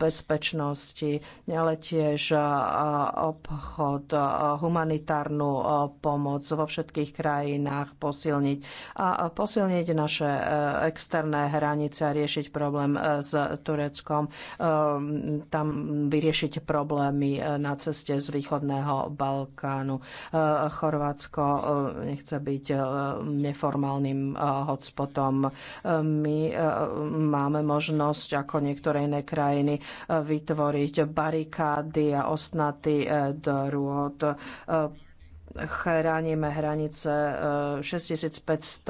bezpečnosti, ale tiež obchod, humanitárnu pomoc vo všetkých krajinách posilniť a posilniť naše e, externé hranice a riešiť problém e, s Tureckom, e, tam vyriešiť problémy na ceste z východného Balkánu. Chorvátsko nechce byť neformálnym hotspotom. My máme možnosť, ako niektoré iné krajiny, vytvoriť barikády a ostnaty e, rôd. E, chránime hranice 6500 e,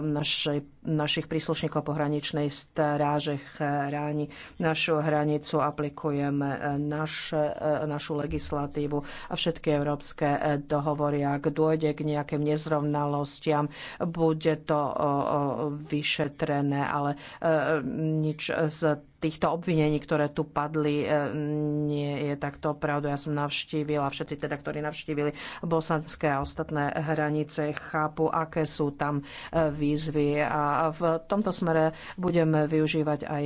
našej našich príslušníkov pohraničnej stráže chráni našu hranicu, aplikujeme naš, našu legislatívu a všetky európske dohovory. Ak dôjde k nejakým nezrovnalostiam, bude to vyšetrené, ale e, nič z týchto obvinení, ktoré tu padli, e, nie je takto pravdu. Ja som navštívila, všetci teda, ktorí navštívili bosanské a ostatné hranice, chápu, aké sú tam e, výzvy a a v tomto smere budeme využívať aj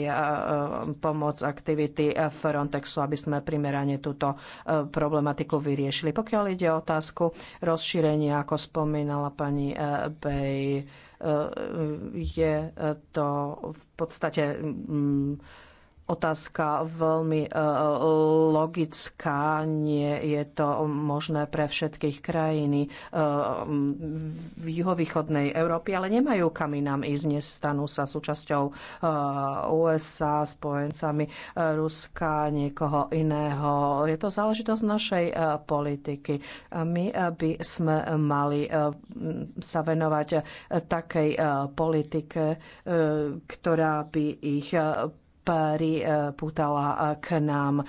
pomoc aktivity Frontexu, aby sme primerane túto problematiku vyriešili. Pokiaľ ide o otázku rozšírenia, ako spomínala pani e, Bej, e, je to v podstate otázka veľmi e, e, logická. Nie je to možné pre všetkých krajiny e, v juhovýchodnej Európy, ale nemajú kam inám ísť. Nestanú sa súčasťou USA, spojencami Ruska, niekoho iného. Je to záležitosť našej politiky. My by sme mali sa venovať takej politike, ktorá by ich priputala eh, k nám, eh,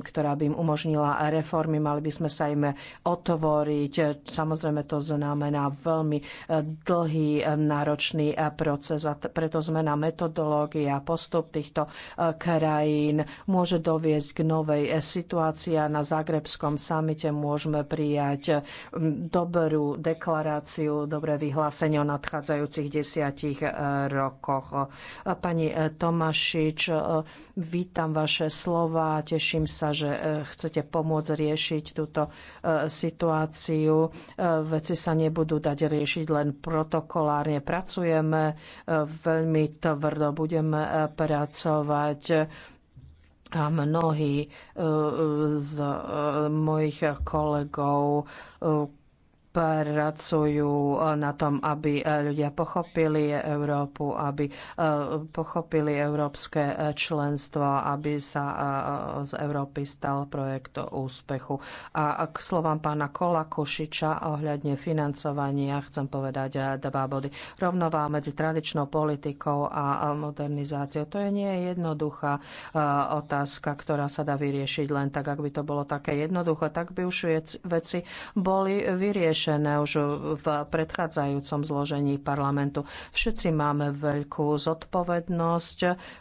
ktorá by im umožnila reformy. Mali by sme sa im otvoriť. Samozrejme, to znamená veľmi eh, dlhý, náročný proces a preto zmena metodológie a postup týchto krajín môže doviesť k novej situácii a na Zagrebskom samite môžeme prijať mm, dobrú deklaráciu, dobré vyhlásenie o nadchádzajúcich desiatich rokoch. Pani Tomáš, Tomášič. E, vítam vaše slova, teším sa, že e, chcete pomôcť riešiť túto e, situáciu. Veci sa nebudú dať riešiť len protokolárne. Pracujeme veľmi tvrdo, budeme pracovať a mnohí z mojich kolegov, pracujú e, na tom, aby e, ľudia pochopili Európu, aby e, pochopili európske členstvo, aby sa z Európy stal projekt úspechu. A k slovám pána Kola Kušiča ohľadne financovania chcem povedať dva body. Rovnová medzi tradičnou politikou a modernizáciou. To je nie jednoduchá otázka, ktorá sa dá vyriešiť len tak, ak by to bolo také jednoduché, tak by už veci boli vyriešené vyriešené už v predchádzajúcom zložení parlamentu. Všetci máme veľkú zodpovednosť.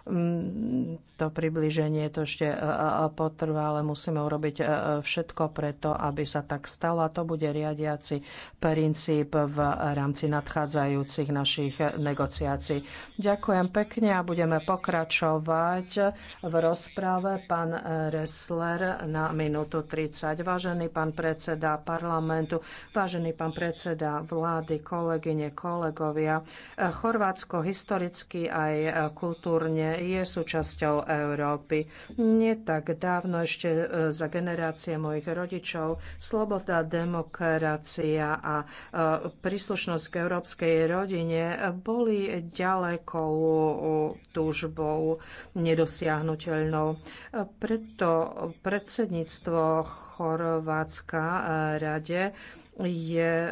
Mm, to približenie to ešte e, e, e, potrvá, ale musíme urobiť všetko preto, aby sa tak stalo. A to bude riadiaci princíp v rámci nadchádzajúcich našich negociácií. Ďakujem pekne a budeme pokračovať v rozprave. Pán Ressler na minútu 30. Vážený pán predseda parlamentu, vážený Vážený pán predseda vlády, kolegyne, kolegovia, Chorvátsko historicky aj kultúrne je súčasťou Európy. Nie tak dávno ešte e, za generácie mojich rodičov sloboda, demokracia a e, príslušnosť k európskej rodine boli ďalekou túžbou nedosiahnutelnou. Preto predsedníctvo Chorvátska e, rade je e,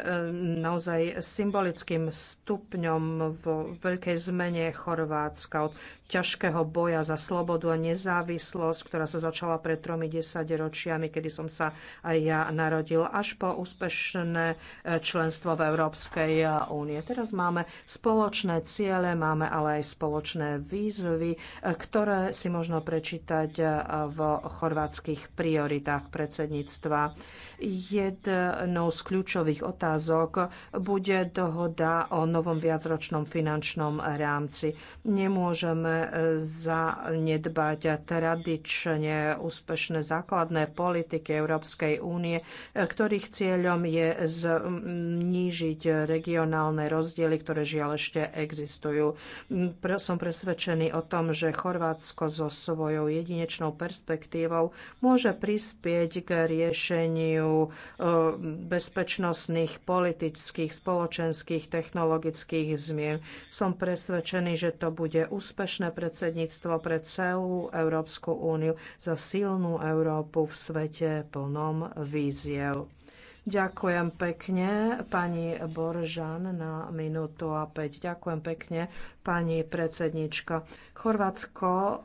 naozaj symbolickým stupňom vo veľkej zmene Chorvátska. Od ťažkého boja za slobodu a nezávislosť, ktorá sa začala pred tromi desaťročiami, kedy som sa aj ja narodil, až po úspešné e, členstvo v Európskej e, únie. Teraz máme spoločné ciele, máme ale aj spoločné výzvy, e, ktoré si možno prečítať v chorvátskych prioritách predsedníctva. Jednou z kľúčových otázok bude dohoda o novom viacročnom finančnom rámci. Nemôžeme zanedbať tradične úspešné základné politiky Európskej únie, ktorých cieľom je znížiť regionálne rozdiely, ktoré žiaľ ešte existujú. Som presvedčený o tom, že Chorvátsko so svojou jedinečnou perspektívou môže prispieť k riešeniu e, bezpečnostných, politických, spoločenských, technologických zmien. Som presvedčený, že to bude úspešné naše predsedníctvo pre celú Európsku úniu za silnú Európu v svete plnom víziev. Ďakujem pekne pani Boržan na minútu a päť. Ďakujem pekne pani predsednička. Chorvátsko eh,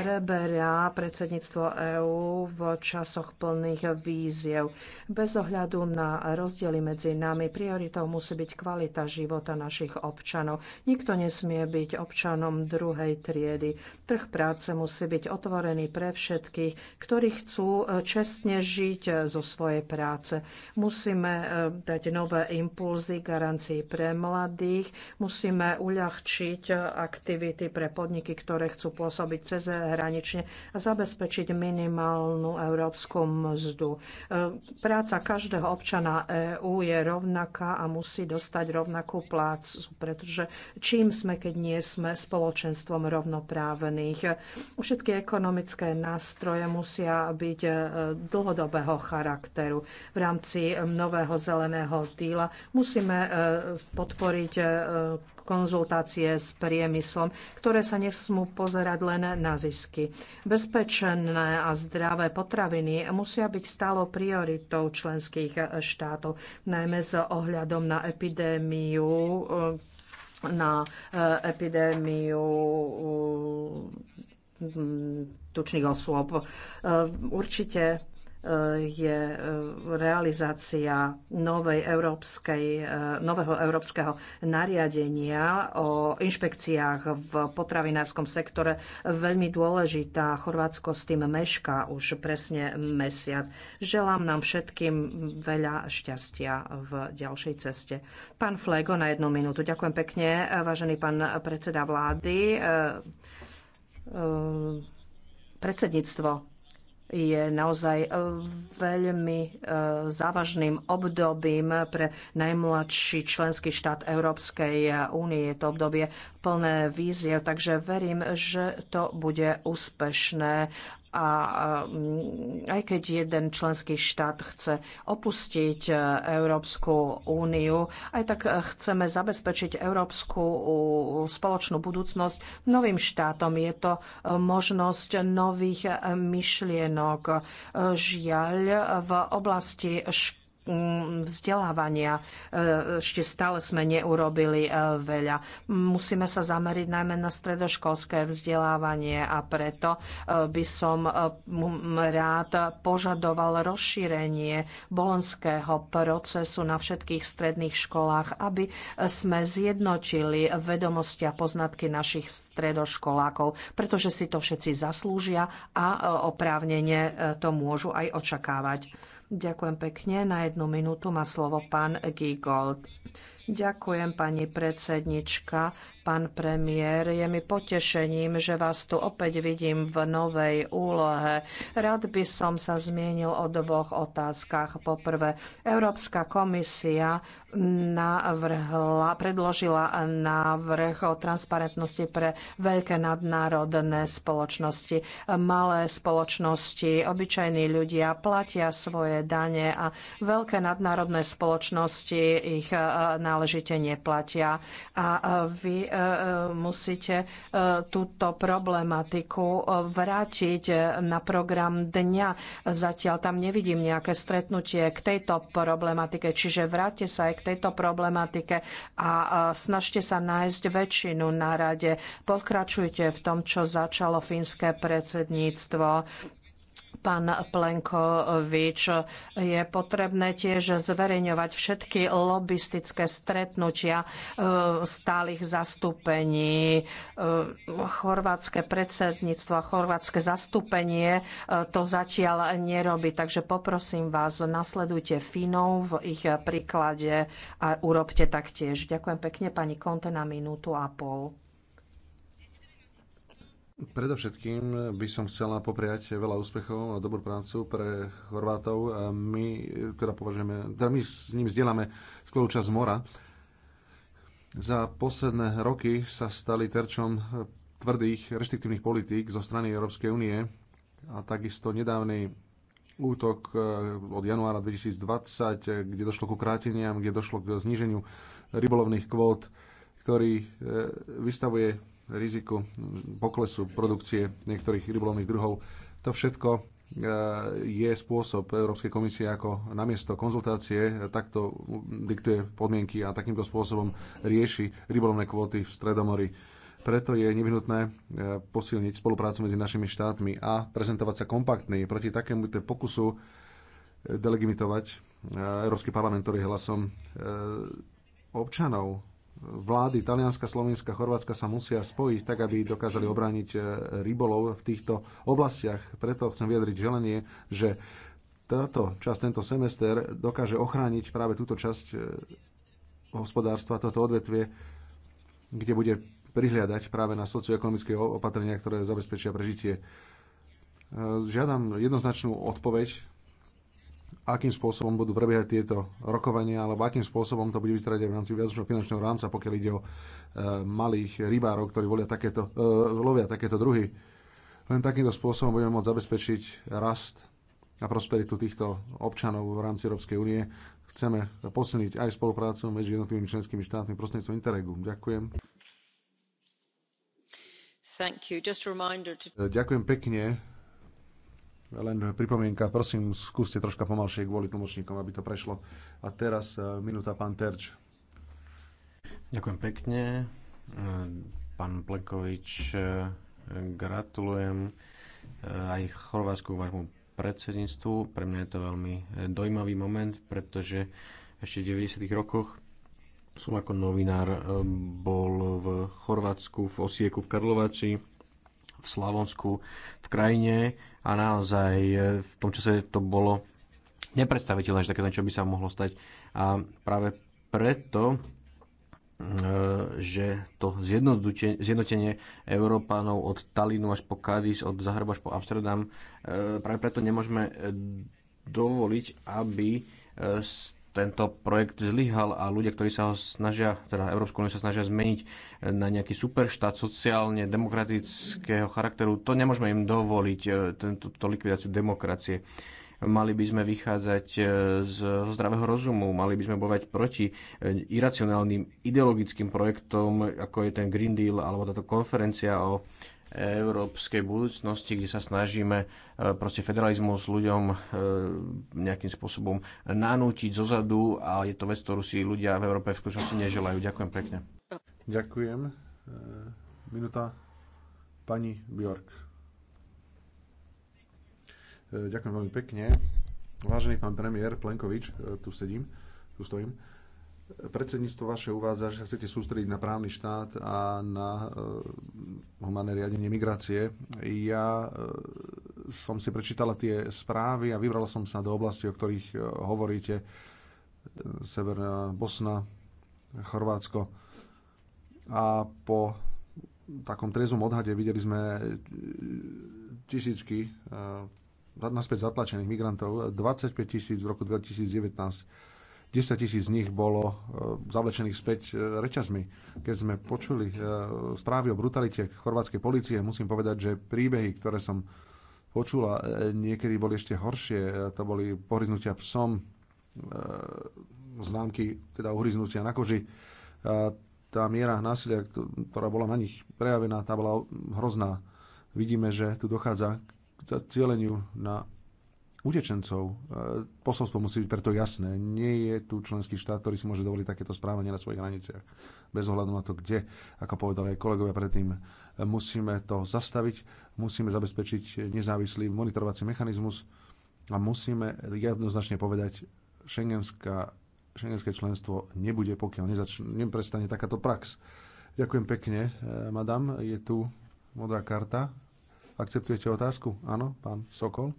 preberá predsedníctvo EÚ v časoch plných víziev. Bez ohľadu na rozdiely medzi nami prioritou musí byť kvalita života našich občanov. Nikto nesmie byť občanom druhej triedy. Trh práce musí byť otvorený pre všetkých, ktorí chcú eh, čestne žiť eh, zo svojej práce. Musíme e, dať nové impulzy garancii pre mladých, musíme uľahčiť e, aktivity pre podniky, ktoré chcú pôsobiť cez hranične a zabezpečiť minimálnu európsku mzdu. E, práca každého občana EÚ je rovnaká a musí dostať rovnakú plácu, pretože čím sme, keď nie sme spoločenstvom rovnoprávnych. Všetky ekonomické nástroje musia byť dlhodobého charakteru v rámci rámci eh, nového zeleného díla musíme eh, podporiť eh, konzultácie s priemyslom, ktoré sa nesmú pozerať len na zisky. Bezpečné a zdravé potraviny musia byť stálo prioritou členských štátov, najmä s ohľadom na epidémiu na epidémiu tučných osôb. Určite je e, realizácia novej európskej, e, nového európskeho nariadenia o inšpekciách v potravinárskom sektore veľmi dôležitá. Chorvátsko s tým mešká už presne mesiac. Želám nám všetkým veľa šťastia v ďalšej ceste. Pán Flego na jednu minútu. Ďakujem pekne, vážený pán predseda vlády. E, predsedníctvo je naozaj e, veľmi e, závažným obdobím pre najmladší členský štát Európskej únie. Je to obdobie plné víziev, takže verím, že to bude úspešné a mm, aj keď jeden členský štát chce opustiť e, Európsku úniu, aj tak e, chceme zabezpečiť európsku spoločnú budúcnosť novým štátom. Je to e, možnosť nových myšlienok. Žiaľ, v oblasti školy Mm, vzdelávania e, ešte stále sme neurobili e, veľa. Musíme sa zameriť najmä na stredoškolské vzdelávanie a preto e, by som rád požadoval rozšírenie bolonského procesu na všetkých stredných školách, aby sme zjednotili vedomosti a poznatky našich stredoškolákov, pretože si to všetci zaslúžia a oprávnene to môžu aj očakávať. Ďakujem pekne. Na jednu minútu má slovo pán Gigold. Ďakujem, pani predsednička. Pán premiér, je mi potešením, že vás tu opäť vidím v novej úlohe. Rád by som sa zmienil o dvoch otázkach. Poprvé, Európska komisia navrhla, predložila návrh o transparentnosti pre veľké nadnárodné spoločnosti. Malé spoločnosti, obyčajní ľudia platia svoje dane a veľké nadnárodné spoločnosti ich na eh, náležite neplatia. A vy e, e, musíte e, túto problematiku vrátiť na program dňa. Zatiaľ tam nevidím nejaké stretnutie k tejto problematike, čiže vráte sa aj k tejto problematike a snažte sa nájsť väčšinu na rade. Pokračujte v tom, čo začalo fínske predsedníctvo pán Plenkovič. Je potrebné tiež zverejňovať všetky lobistické stretnutia e, stálych zastúpení. E, chorvátske predsedníctvo a chorvátske zastúpenie e, to zatiaľ nerobí. Takže poprosím vás, nasledujte Finov v ich príklade a urobte taktiež. Ďakujem pekne pani Konte na minútu a pol. Predovšetkým by som chcela popriať veľa úspechov a dobrú prácu pre Chorvátov. My, teda považujeme, teda my s ním zdieľame skvelú časť mora. Za posledné roky sa stali terčom tvrdých reštriktívnych politík zo strany Európskej únie a takisto nedávny útok eh, od januára 2020, kde došlo ku kráteniam, kde došlo k zníženiu rybolovných kvót, ktorý eh, vystavuje riziku poklesu produkcie niektorých rybolovných druhov. To všetko e, je spôsob Európskej komisie, ako namiesto konzultácie e, takto diktuje podmienky a takýmto spôsobom rieši rybolovné kvóty v Stredomori. Preto je nevyhnutné e, posilniť spoluprácu medzi našimi štátmi a prezentovať sa kompaktný proti takému pokusu delegimitovať Európsky parlament, ktorý hlasom občanov vlády Talianska, Slovenska, Chorvátska sa musia spojiť tak, aby dokázali obrániť e, rybolov v týchto oblastiach. Preto chcem vyjadriť želenie, že táto časť, tento semester dokáže ochrániť práve túto časť e, hospodárstva, toto odvetvie, kde bude prihliadať práve na socioekonomické opatrenia, ktoré zabezpečia prežitie. E, žiadam jednoznačnú odpoveď akým spôsobom budú prebiehať tieto rokovania, alebo akým spôsobom to bude vyzerať v rámci viacročného finančného rámca, pokiaľ ide o e, malých rybárov, ktorí volia takéto, e, lovia takéto druhy. Len takýmto spôsobom budeme môcť zabezpečiť rast a prosperitu týchto občanov v rámci Európskej únie. Chceme posilniť aj spoluprácu medzi jednotlivými členskými štátmi prostredníctvom Interregu. Ďakujem. To... Ďakujem pekne len pripomienka, prosím, skúste troška pomalšie kvôli tlmočníkom, aby to prešlo. A teraz e, minúta pán Terč. Ďakujem pekne. E, pán Plekovič, e, gratulujem aj Chorvátsku vášmu predsedníctvu. Pre mňa je to veľmi dojímavý moment, pretože ešte v 90. rokoch som ako novinár bol v Chorvátsku, v Osieku, v Karlovači v Slavonsku v krajine a naozaj e, v tom čase to bolo nepredstaviteľné, že takéto niečo by sa mohlo stať. A práve preto e, že to zjednotenie Európanov od Talínu až po Cádiz, od Zahreba až po Amsterdam, e, práve preto nemôžeme dovoliť, aby tento projekt zlyhal a ľudia, ktorí sa ho snažia, teda Európsku úniu sa snažia zmeniť na nejaký superštát sociálne demokratického charakteru, to nemôžeme im dovoliť, e, túto likvidáciu demokracie. Mali by sme vychádzať e, z zdravého rozumu, mali by sme bovať proti e, iracionálnym ideologickým projektom, ako je ten Green Deal alebo táto konferencia o európskej budúcnosti, kde sa snažíme e, proste federalizmus ľuďom e, nejakým spôsobom nanútiť zozadu a je to vec, ktorú si ľudia v Európe v skutočnosti neželajú. Ďakujem pekne. Ďakujem. E, minúta pani Bjork. Ďakujem veľmi pekne. Vážený pán premiér Plenkovič, tu sedím, tu stojím. Predsedníctvo vaše uvádza, že sa chcete sústrediť na právny štát a na e, humané riadenie migrácie. Ja e, som si prečítala tie správy a vybrala som sa do oblasti, o ktorých e, hovoríte. Severná Bosna, Chorvátsko. A po takom trezom odhade videli sme tisícky naspäť zatlačených migrantov, 25 tisíc v roku 2019 10 tisíc z nich bolo e, zavlečených späť e, reťazmi. Keď sme počuli e, správy o brutalite chorvátskej policie, musím povedať, že príbehy, ktoré som počula, niekedy boli ešte horšie. To boli pohryznutia psom, známky teda uhryznutia na koži. Tá miera násilia, ktorá bola na nich prejavená, tá bola hrozná. Vidíme, že tu dochádza k cieľeniu na utečencov. E, posolstvo musí byť preto jasné. Nie je tu členský štát, ktorý si môže dovoliť takéto správanie na svojich hraniciach. Bez ohľadu na to, kde, ako povedali aj kolegovia predtým, e, musíme to zastaviť, musíme zabezpečiť nezávislý monitorovací mechanizmus a musíme jednoznačne povedať, šengenská, šengenské členstvo nebude, pokiaľ nezačne, neprestane takáto prax. Ďakujem pekne, e, madam. Je tu modrá karta. Akceptujete otázku? Áno, pán Sokol.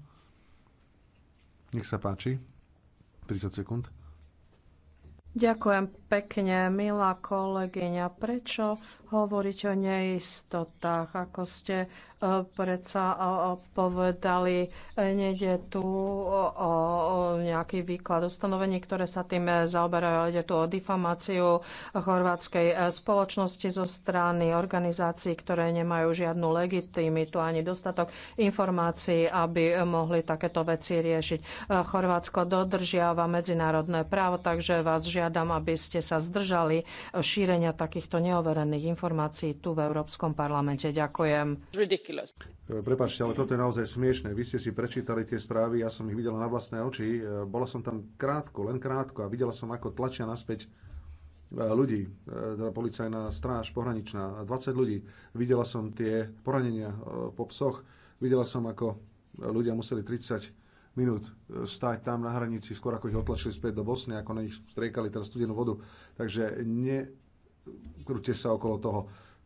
Nech sa páči. 30 sekúnd. Ďakujem pekne, milá kolegyňa. Prečo hovoríte o neistotách? Ako ste E, predsa e, povedali, e, nejde tu o nejaký výklad ustanovení, ktoré sa tým zaoberajú. Ide tu o difamáciu chorvátskej spoločnosti zo strany organizácií, ktoré nemajú žiadnu legitimitu ani dostatok informácií, aby mohli takéto veci riešiť. Chorvátsko dodržiava medzinárodné právo, takže vás žiadam, aby ste sa zdržali šírenia takýchto neoverených informácií tu v Európskom parlamente. Ďakujem ridiculous. E, Prepačte, ale toto je naozaj smiešne. Vy ste si prečítali tie správy, ja som ich videla na vlastné oči. E, bola som tam krátko, len krátko a videla som, ako tlačia naspäť e, ľudí, teda policajná stráž, pohraničná, 20 ľudí. Videla som tie poranenia po psoch, videla som, ako ľudia museli 30 minút stáť tam na hranici, skôr ako ich otlačili späť do Bosny, ako na nich striekali teraz studenú vodu. Takže nekrúte sa okolo toho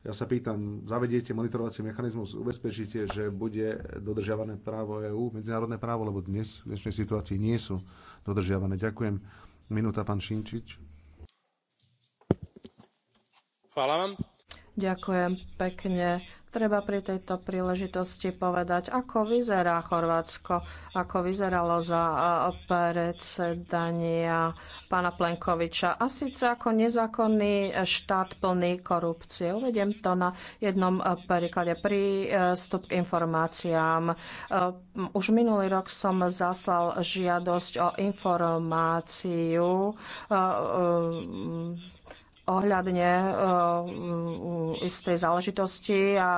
ja sa pýtam, zavediete monitorovací mechanizmus, ubezpečíte, že bude dodržiavané právo EÚ, medzinárodné právo, lebo dnes v dnešnej situácii nie sú dodržiavané. Ďakujem. Minúta, pán Šinčič. Hvala vám. Ďakujem pekne. Treba pri tejto príležitosti povedať, ako vyzerá Chorvátsko, ako vyzeralo za predsedania pána Plenkoviča. A síce ako nezákonný štát plný korupcie. Uvediem to na jednom príklade. Prístup k informáciám. Už minulý rok som zaslal žiadosť o informáciu ohľadne eh, mm, istej záležitosti a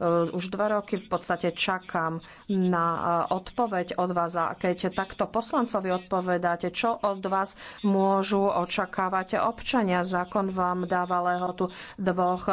eh, už dva roky v podstate čakám na eh, odpoveď od vás a keď takto poslancovi odpovedáte, čo od vás môžu očakávať občania. Zákon vám dáva lehotu dvoch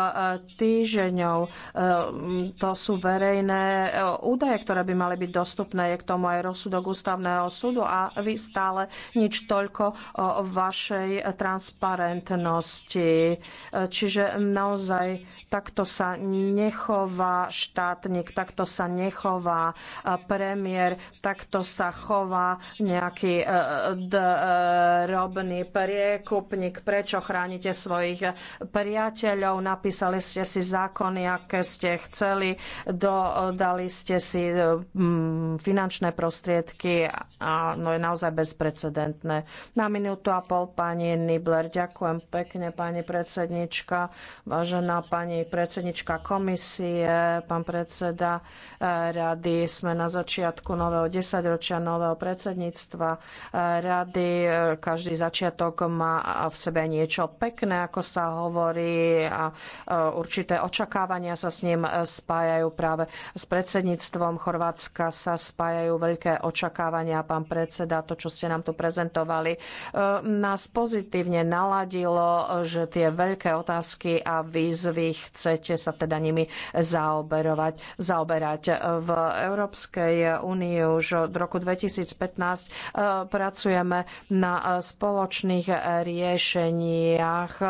týždňov. Mm, to sú verejné údaje, ktoré by mali byť dostupné. Je k tomu aj rozsudok ústavného súdu a vy stále nič toľko o vašej transparentnosti spravodlivosti. Čiže naozaj takto sa nechová štátnik, takto sa nechová eh, premiér, takto sa chová nejaký eh, drobný priekupník. Prečo chránite svojich eh, priateľov? Napísali ste si zákony, aké ste chceli, dodali ste si mm, finančné prostriedky a no je naozaj bezprecedentné. Na minútu a pol pani Nibler, ďakujem pekne pekne, pani predsednička, vážená pani predsednička komisie, pán predseda eh, rady. Sme na začiatku nového desaťročia, nového predsedníctva eh, rady. Každý začiatok má v sebe niečo pekné, ako sa hovorí a eh, určité očakávania sa s ním spájajú práve s predsedníctvom Chorvátska sa spájajú veľké očakávania, pán predseda, to, čo ste nám tu prezentovali, nás pozitívne naladilo že tie veľké otázky a výzvy chcete sa teda nimi zaoberovať, zaoberať. V Európskej únii už od roku 2015 e, pracujeme na spoločných riešeniach. E,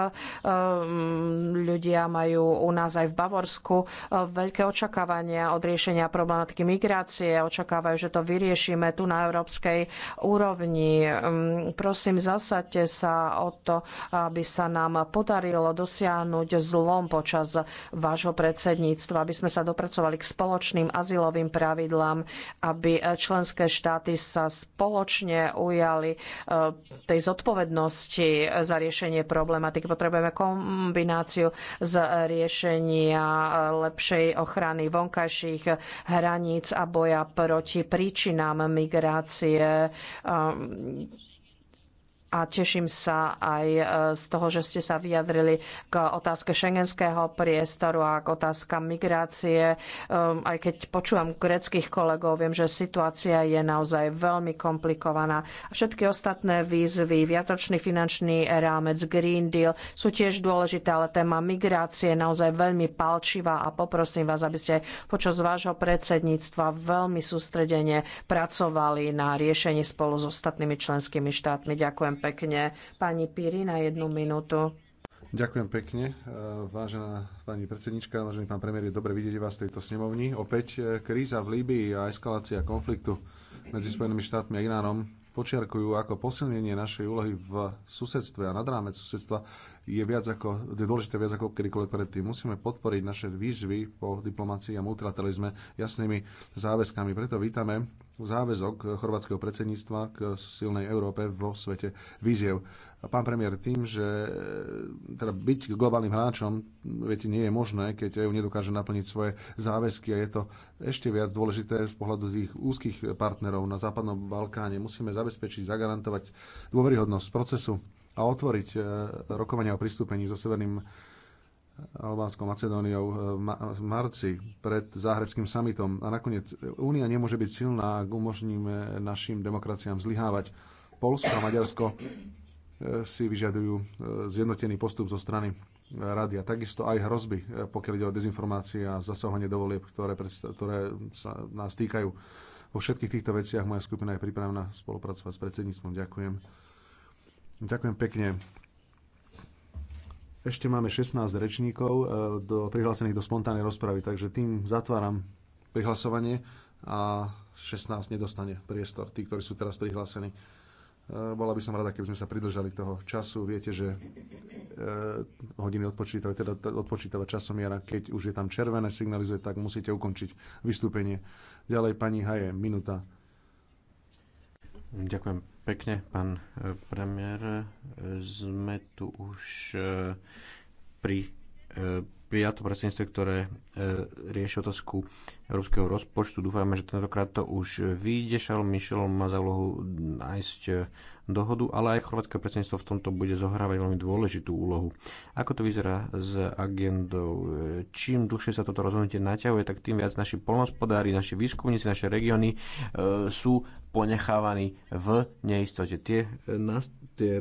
ľudia majú u nás aj v Bavorsku e, veľké očakávania od riešenia problematiky migrácie. Očakávajú, že to vyriešime tu na európskej úrovni. Mm, prosím, zasaďte sa o to, aby sa sa nám podarilo dosiahnuť zlom počas vášho predsedníctva, aby sme sa dopracovali k spoločným azylovým pravidlám, aby členské štáty sa spoločne ujali e, tej zodpovednosti za riešenie problematiky. Potrebujeme kombináciu z riešenia lepšej ochrany vonkajších hraníc a boja proti príčinám migrácie e, a teším sa aj e, z toho, že ste sa vyjadrili k otázke šengenského priestoru a k otázkam migrácie. E, aj keď počúvam greckých kolegov, viem, že situácia je naozaj veľmi komplikovaná. Všetky ostatné výzvy, viacročný finančný rámec, Green Deal sú tiež dôležité, ale téma migrácie je naozaj veľmi palčivá a poprosím vás, aby ste počas vášho predsedníctva veľmi sústredene pracovali na riešení spolu s ostatnými členskými štátmi. Ďakujem pekne. Pani Píri na jednu minútu. Ďakujem pekne, e, vážená pani predsednička, vážený pán premiér, je dobre vidieť vás v tejto snemovni. Opäť e, kríza v Líbii a eskalácia konfliktu medzi Spojenými štátmi a Iránom počiarkujú, ako posilnenie našej úlohy v susedstve a nad rámec susedstva je, viac ako, je dôležité viac ako kedykoľvek predtým. Musíme podporiť naše výzvy po diplomácii a multilateralizme jasnými záväzkami. Preto vítame záväzok chorvátskeho predsedníctva k silnej Európe vo svete víziev. A pán premiér, tým, že e, teda byť globálnym hráčom, viete, nie je možné, keď EU nedokáže naplniť svoje záväzky a je to ešte viac dôležité z pohľadu tých úzkých partnerov na Západnom Balkáne. Musíme zabezpečiť, zagarantovať dôveryhodnosť procesu a otvoriť e, rokovania o pristúpení so Severným Albánskou Macedóniou eh, v marci pred záhrebským samitom. A nakoniec, Únia nemôže byť silná, ak umožníme našim demokraciám zlyhávať. Polsko a Maďarsko eh, si vyžadujú eh, zjednotený postup zo strany rady a takisto aj hrozby, pokiaľ ide o dezinformácie a zasahovanie do volieb, ktoré, ktoré sa nás týkajú. Vo všetkých týchto veciach moja skupina je pripravená spolupracovať s predsedníctvom. Ďakujem. Ďakujem pekne. Ešte máme 16 rečníkov e, do, prihlásených do spontánnej rozpravy, takže tým zatváram prihlasovanie a 16 nedostane priestor, tí, ktorí sú teraz prihlásení. E, bola by som rada, keby sme sa pridržali toho času. Viete, že eh, hodiny odpočítavajú, teda odpočítava časomiera, keď už je tam červené, signalizuje, tak musíte ukončiť vystúpenie. Ďalej pani Haje, minúta. Ďakujem pekne, pán eh, premiér. Eh, sme tu už eh, pri prijato predsedníctve, ktoré e, rieši otázku európskeho rozpočtu. Dúfajme, že tentokrát to už vyjde. Charles Michel má za úlohu nájsť e, dohodu, ale aj chorvátske predsedníctvo v tomto bude zohrávať veľmi dôležitú úlohu. Ako to vyzerá s agendou? Čím dlhšie sa toto rozhodnutie naťahuje, tak tým viac naši polnospodári, naši výskumníci, naše regióny e, sú ponechávaní v neistote. Tie, na, tie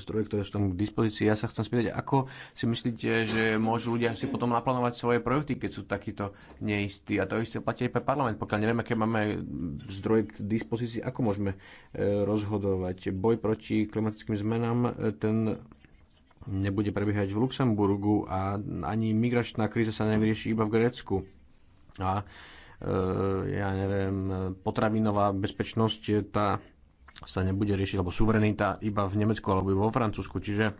zdroje, ktoré sú tam k dispozícii. Ja sa chcem spýtať, ako si myslíte, že môžu ľudia si potom naplánovať svoje projekty, keď sú takíto neistí? A to isté platí aj pre parlament. Pokiaľ nevieme, aké máme zdroje k dispozícii, ako môžeme e, rozhodovať? Boj proti klimatickým zmenám, e, ten nebude prebiehať v Luxemburgu a ani migračná kríza sa nevyrieši iba v Grécku. A e, ja neviem, potravinová bezpečnosť, tá sa nebude riešiť, alebo suverenita iba v Nemecku alebo vo Francúzsku. Čiže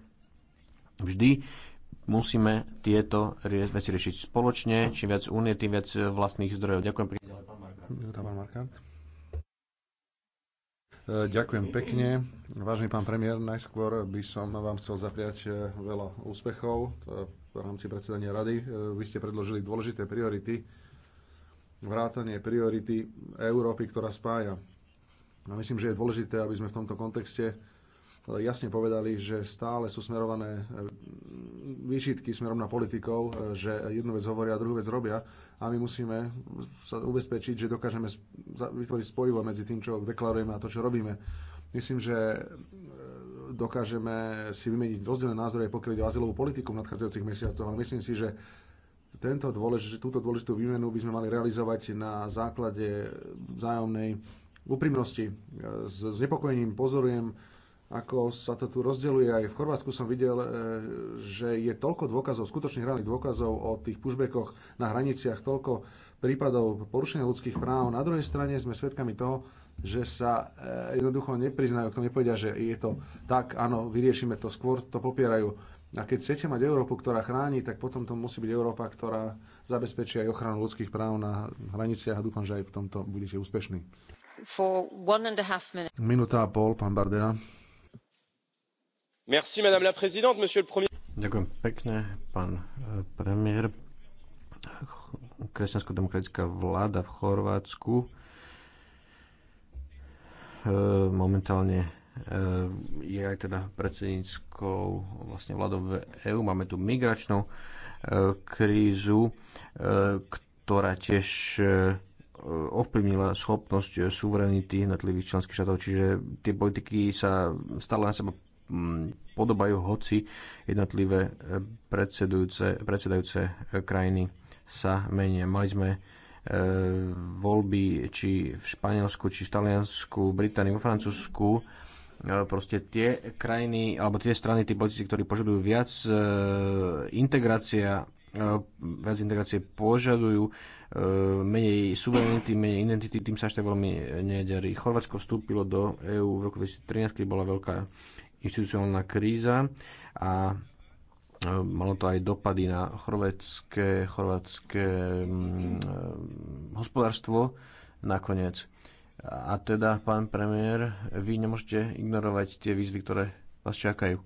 vždy musíme tieto veci riešiť spoločne. Čím viac únie, tým viac e, vlastných zdrojov. Ďakujem pekne. E, ďakujem pekne. Vážený pán premiér, najskôr by som vám chcel zapriať e, veľa úspechov v rámci predsedania rady. Vy ste predložili dôležité priority, vrátanie priority Európy, ktorá spája a myslím, že je dôležité, aby sme v tomto kontexte eh, jasne povedali, že stále sú smerované eh, výšitky smerom na politikov, eh, že jednu vec hovoria a druhú vec robia a my musíme sa ubezpečiť, že dokážeme vytvoriť spojivo medzi tým, čo deklarujeme a to, čo robíme. Myslím, že dokážeme si vymeniť rozdielne názory, pokiaľ ide o azylovú politiku v nadchádzajúcich mesiacoch, ale myslím si, že tento dôležitý, túto dôležitú výmenu by sme mali realizovať na základe vzájomnej úprimnosti. E, s znepokojením pozorujem, ako sa to tu rozdeluje. Aj v Chorvátsku som videl, e, že je toľko dôkazov, skutočných reálnych dôkazov o tých pushbackoch na hraniciach, toľko prípadov porušenia ľudských práv. Na druhej strane sme svedkami toho, že sa e, jednoducho nepriznajú, kto nepovedia, že je to tak, áno, vyriešime to, skôr to popierajú. A keď chcete mať Európu, ktorá chráni, tak potom to musí byť Európa, ktorá zabezpečí aj ochranu ľudských práv na hraniciach a dúfam, že aj v tomto budete úspešní madame la présidente, monsieur le premier... Ďakujem pekne, pán e, premiér. Kresťansko-demokratická vláda v Chorvátsku e, momentálne e, je aj teda predsedníckou vlastne vládou v EÚ. Máme tu migračnú krízu, ktorá tiež Eh, ovplyvnila schopnosť eh, suverenity jednotlivých členských štátov, čiže tie politiky sa stále na seba mm, podobajú, hoci jednotlivé eh, predsedujúce, predsedajúce krajiny sa menia. Mali sme voľby či v Španielsku, či v Taliansku, v Británii, vo Francúzsku, proste tie krajiny, alebo tie strany, tí politici, ktorí požadujú viac integrácia viac integrácie požadujú e, menej suverenity, menej identity, tým sa ešte veľmi nedarí. Chorvátsko vstúpilo do EÚ v roku 2013, keď bola veľká institucionálna kríza a e, malo to aj dopady na chorvátske, chorvátske mm, e, hospodárstvo nakoniec. A teda, pán premiér, vy nemôžete ignorovať tie výzvy, ktoré vás čakajú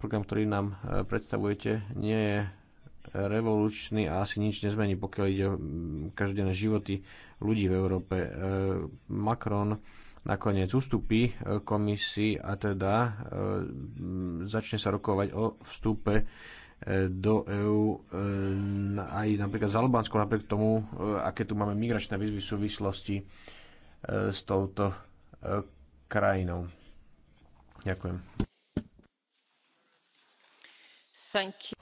program, ktorý nám predstavujete, nie je revolučný a asi nič nezmení, pokiaľ ide o mm, každodenné životy ľudí v Európe. E, Macron nakoniec ustúpi e, komisii a teda e, začne sa rokovať o vstupe do EÚ aj napríklad z Albánsko, napriek tomu, aké tu máme migračné výzvy v súvislosti s touto krajinou. Ďakujem. Thank you.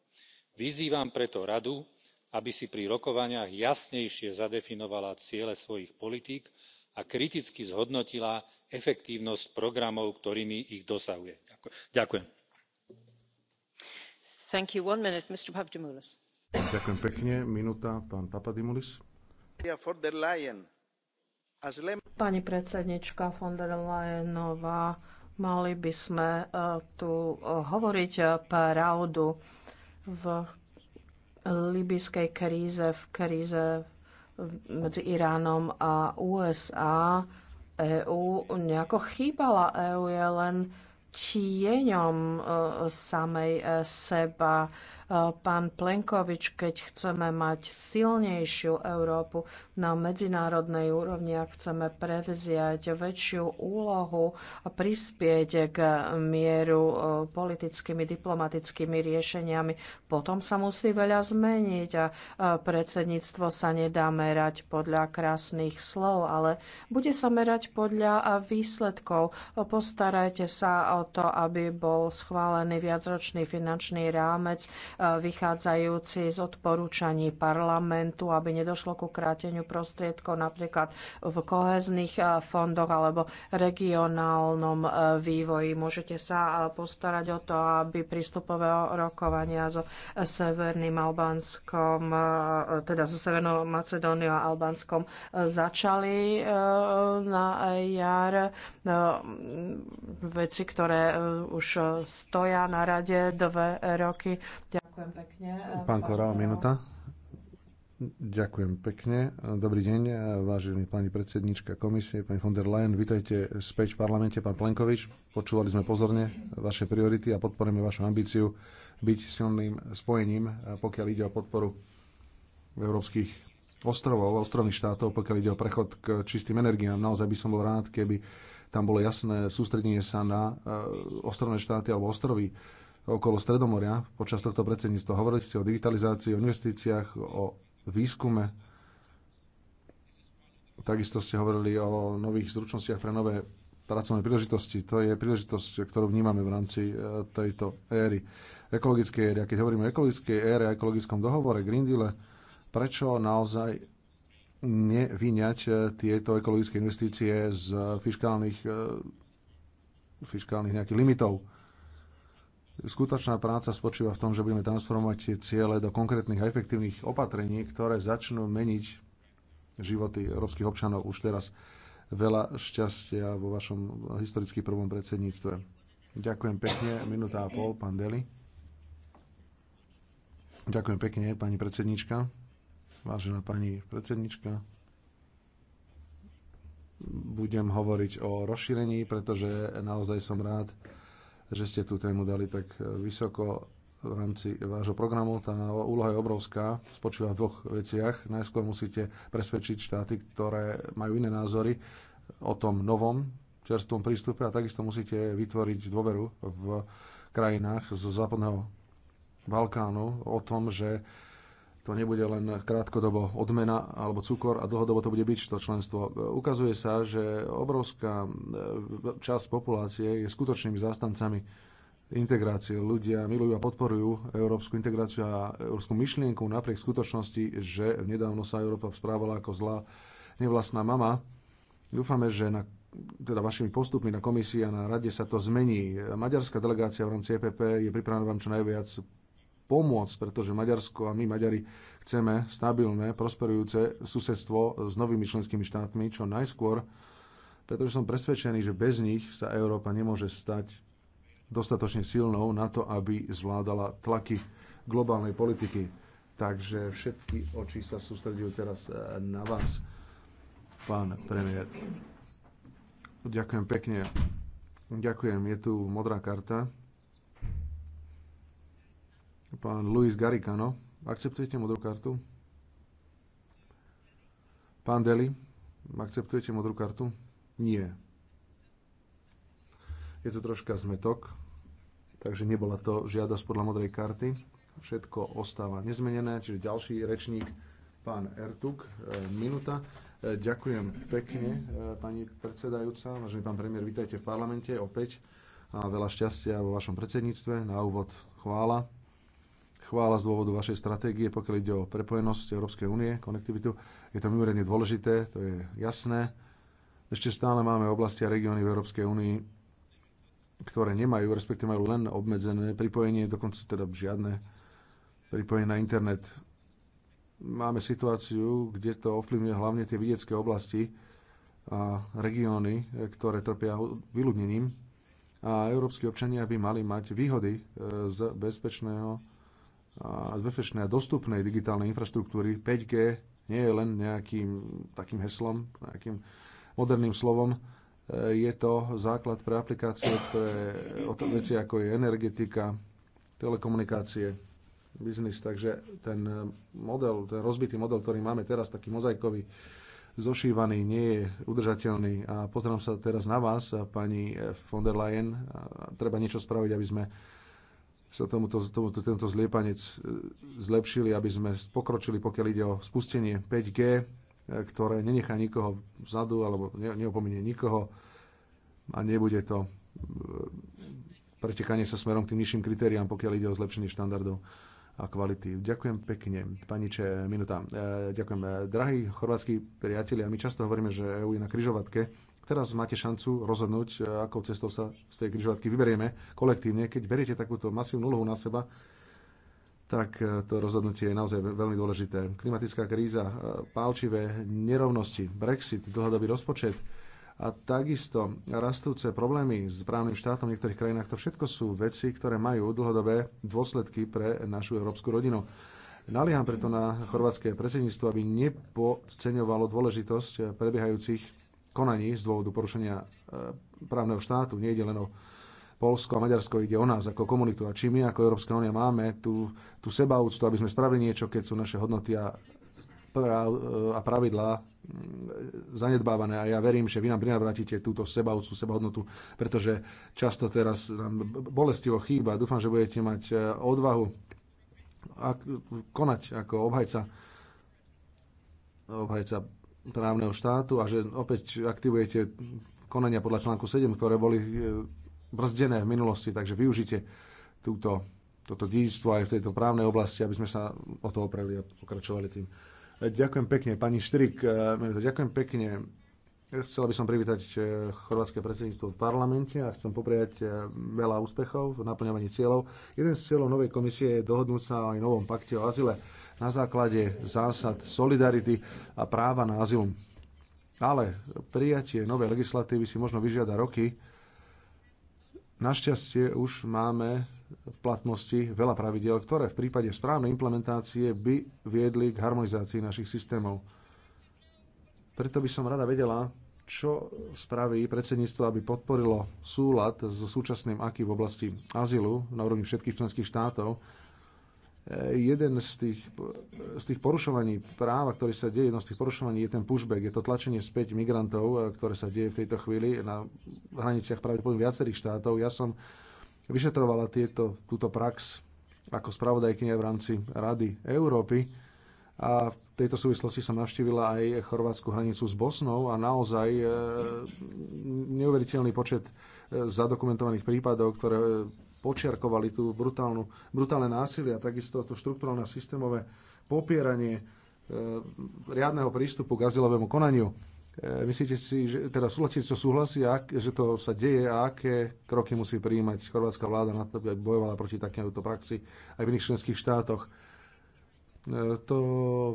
vyzývam preto radu aby si pri rokovaniach jasnejšie zadefinovala ciele svojich politík a kriticky zhodnotila efektívnosť programov ktorými ich dosahuje. ďakujem. pani predsedníčka von der leyenová mali by sme eh, tu eh, hovoriť eh, pravdu v libyskej kríze, v kríze medzi Iránom a USA. EU nejako chýbala. EU je len tieňom e, samej e, seba E, pán Plenkovič, keď chceme mať silnejšiu Európu na medzinárodnej úrovni a chceme prevziať väčšiu úlohu a prispieť k mieru e, politickými, diplomatickými riešeniami, potom sa musí veľa zmeniť a e, predsedníctvo sa nedá merať podľa krásnych slov, ale bude sa merať podľa výsledkov. Postarajte sa o to, aby bol schválený viacročný finančný rámec E, vychádzajúci z odporúčaní parlamentu, aby nedošlo ku kráteniu prostriedkov napríklad v kohezných e, fondoch alebo regionálnom e, vývoji. Môžete sa postarať o to, aby prístupové rokovania so Severným Albánskom, teda so Severnou Macedóniou a Albánskom začali na jar. Veci, ktoré už stoja na rade dve roky. Ďakujem pekne. Pán Korál, minúta. Ďakujem pekne. Dobrý deň, vážený pani predsednička komisie, pani von der Leyen. Vítajte späť v parlamente, pán Plenkovič. Počúvali sme pozorne vaše priority a podporujeme vašu ambíciu byť silným spojením, pokiaľ ide o podporu európskych ostrovov, ostrovných štátov, pokiaľ ide o prechod k čistým energiám. Naozaj by som bol rád, keby tam bolo jasné sústredenie sa na eh, ostrovné štáty alebo ostrovy okolo Stredomoria počas tohto predsedníctva. Hovorili ste o digitalizácii, o investíciách, o výskume. Takisto ste hovorili o nových zručnostiach pre nové pracovné príležitosti. To je príležitosť, ktorú vnímame v rámci e, tejto éry, ekologickej éry. A keď hovoríme o ekologickej ére a ekologickom dohovore, Green Deal, prečo naozaj nevyňať e, tieto ekologické investície z e, fiskálnych, fiskálnych nejakých limitov. Skutočná práca spočíva v tom, že budeme transformovať tie ciele do konkrétnych a efektívnych opatrení, ktoré začnú meniť životy európskych občanov už teraz. Veľa šťastia vo vašom historicky prvom predsedníctve. Ďakujem pekne. Minúta a pol, pán Deli. Ďakujem pekne, pani predsednička. Vážená pani predsednička. Budem hovoriť o rozšírení, pretože naozaj som rád, že ste tú tému dali tak e, vysoko v rámci vášho programu. Tá úloha je obrovská, spočíva v dvoch veciach. Najskôr musíte presvedčiť štáty, ktoré majú iné názory o tom novom čerstvom prístupe a takisto musíte vytvoriť dôveru v krajinách z západného Balkánu o tom, že to nebude len krátkodobo odmena alebo cukor a dlhodobo to bude byť to členstvo. Ukazuje sa, že obrovská e, časť populácie je skutočnými zástancami integrácie. Ľudia milujú a podporujú európsku integráciu a európsku myšlienku napriek skutočnosti, že nedávno sa Európa správala ako zlá nevlastná mama. Dúfame, že na teda vašimi postupmi na komisii a na rade sa to zmení. Maďarská delegácia v rámci EPP je pripravená vám čo najviac pomôcť, pretože Maďarsko a my Maďari chceme stabilné, prosperujúce susedstvo s novými členskými štátmi čo najskôr, pretože som presvedčený, že bez nich sa Európa nemôže stať dostatočne silnou na to, aby zvládala tlaky globálnej politiky. Takže všetky oči sa sústredujú teraz e, na vás, pán premiér. Ďakujem pekne. Ďakujem. Je tu modrá karta. Pán Luis Garicano, akceptujete modrú kartu? Pán Deli, akceptujete modrú kartu? Nie. Je tu troška zmetok, takže nebola to žiadosť podľa modrej karty. Všetko ostáva nezmenené, čiže ďalší rečník, pán Ertuk, e, minúta. E, ďakujem pekne, e, pani predsedajúca, vážený pán premiér, vítajte v parlamente opäť a veľa šťastia vo vašom predsedníctve. Na úvod chvála chvála z dôvodu vašej stratégie, pokiaľ ide o prepojenosť Európskej únie, konektivitu. Je to mimoriadne dôležité, to je jasné. Ešte stále máme oblasti a regióny v Európskej únii, ktoré nemajú, respektíve majú len obmedzené pripojenie, dokonca teda žiadne pripojenie na internet. Máme situáciu, kde to ovplyvňuje hlavne tie vidiecké oblasti a regióny, ktoré trpia vyľudnením a európsky občania by mali mať výhody e, z bezpečného bezpečnej a dostupnej digitálnej infraštruktúry 5G nie je len nejakým takým heslom, nejakým moderným slovom. E, je to základ pre aplikácie, pre veci ako je energetika, telekomunikácie, biznis. Takže ten e, model, ten rozbitý model, ktorý máme teraz, taký mozaikový, zošívaný, nie je udržateľný. A pozerám sa teraz na vás, pani von der Leyen. Treba niečo spraviť, aby sme sa tomuto, tomuto, tento zliepanec e, zlepšili, aby sme pokročili, pokiaľ ide o spustenie 5G, e, ktoré nenechá nikoho vzadu alebo neopomenie nikoho a nebude to e, pretekanie sa smerom k tým nižším kritériám, pokiaľ ide o zlepšenie štandardov a kvality. Ďakujem pekne. Pani Če, minúta. Ďakujem. Drahí chorvátsky priatelia, my často hovoríme, že EU je na kryžovatke Teraz máte šancu rozhodnúť, e, akou cestou sa z tej križovatky vyberieme kolektívne. Keď beriete takúto masívnu úlohu na seba, tak e, to rozhodnutie je naozaj veľmi dôležité. Klimatická kríza, e, pálčivé nerovnosti, Brexit, dlhodobý rozpočet, a takisto rastúce problémy s právnym štátom v niektorých krajinách, to všetko sú veci, ktoré majú dlhodobé dôsledky pre našu európsku rodinu. Nalieham preto na chorvátske predsedníctvo, aby nepodceňovalo dôležitosť prebiehajúcich konaní z dôvodu porušenia e, právneho štátu. ide len o Polsko a Maďarsko, ide o nás ako komunitu. A či my ako Európska únia máme tú, tú sebaúctu, aby sme spravili niečo, keď sú naše hodnoty a e, a pravidlá zanedbávané a ja verím, že vy nám prinavrátite túto sebaúcu, sebahodnotu, pretože často teraz nám bolestivo chýba. Dúfam, že budete mať e, odvahu konať ako obhajca, obhajca právneho štátu a že opäť aktivujete konania podľa článku 7, ktoré boli e, brzdené v minulosti, takže využite túto, toto dedictvo aj v tejto právnej oblasti, aby sme sa o to opreli a pokračovali tým. E, ďakujem pekne, pani Štrik, e, ďakujem pekne Chcela by som privítať eh, chorvátske predsedníctvo v parlamente a chcem popriať eh, veľa úspechov v naplňovaní cieľov. Jeden z cieľov novej komisie je dohodnúť sa aj novom pakte o azile na základe zásad solidarity a práva na azyl. Ale prijatie novej legislatívy si možno vyžiada roky. Našťastie už máme v platnosti veľa pravidiel, ktoré v prípade správnej implementácie by viedli k harmonizácii našich systémov. Preto by som rada vedela, čo spraví predsedníctvo, aby podporilo súlad so súčasným aký v oblasti azylu na úrovni všetkých členských štátov. E, jeden z tých, z tých porušovaní práva, ktorý sa deje, jedno z tých porušovaní je ten pushback, je to tlačenie späť migrantov, e, ktoré sa deje v tejto chvíli na hraniciach pravdepodobne viacerých štátov. Ja som vyšetrovala tieto, túto prax ako spravodajkynia v rámci Rady Európy a v tejto súvislosti som navštívila aj chorvátsku hranicu s Bosnou a naozaj e, neuveriteľný počet e, zadokumentovaných prípadov, ktoré počiarkovali tú brutálnu, brutálne násilie a takisto to štruktúrálne a systémové popieranie e, riadneho prístupu k azylovému konaniu. Myslíte si, že teda súhlasíte, čo súhlasí, ak, že to sa deje a aké kroky musí prijímať chorvátska vláda na to, aby bojovala proti takémuto praxi aj v iných členských štátoch? To,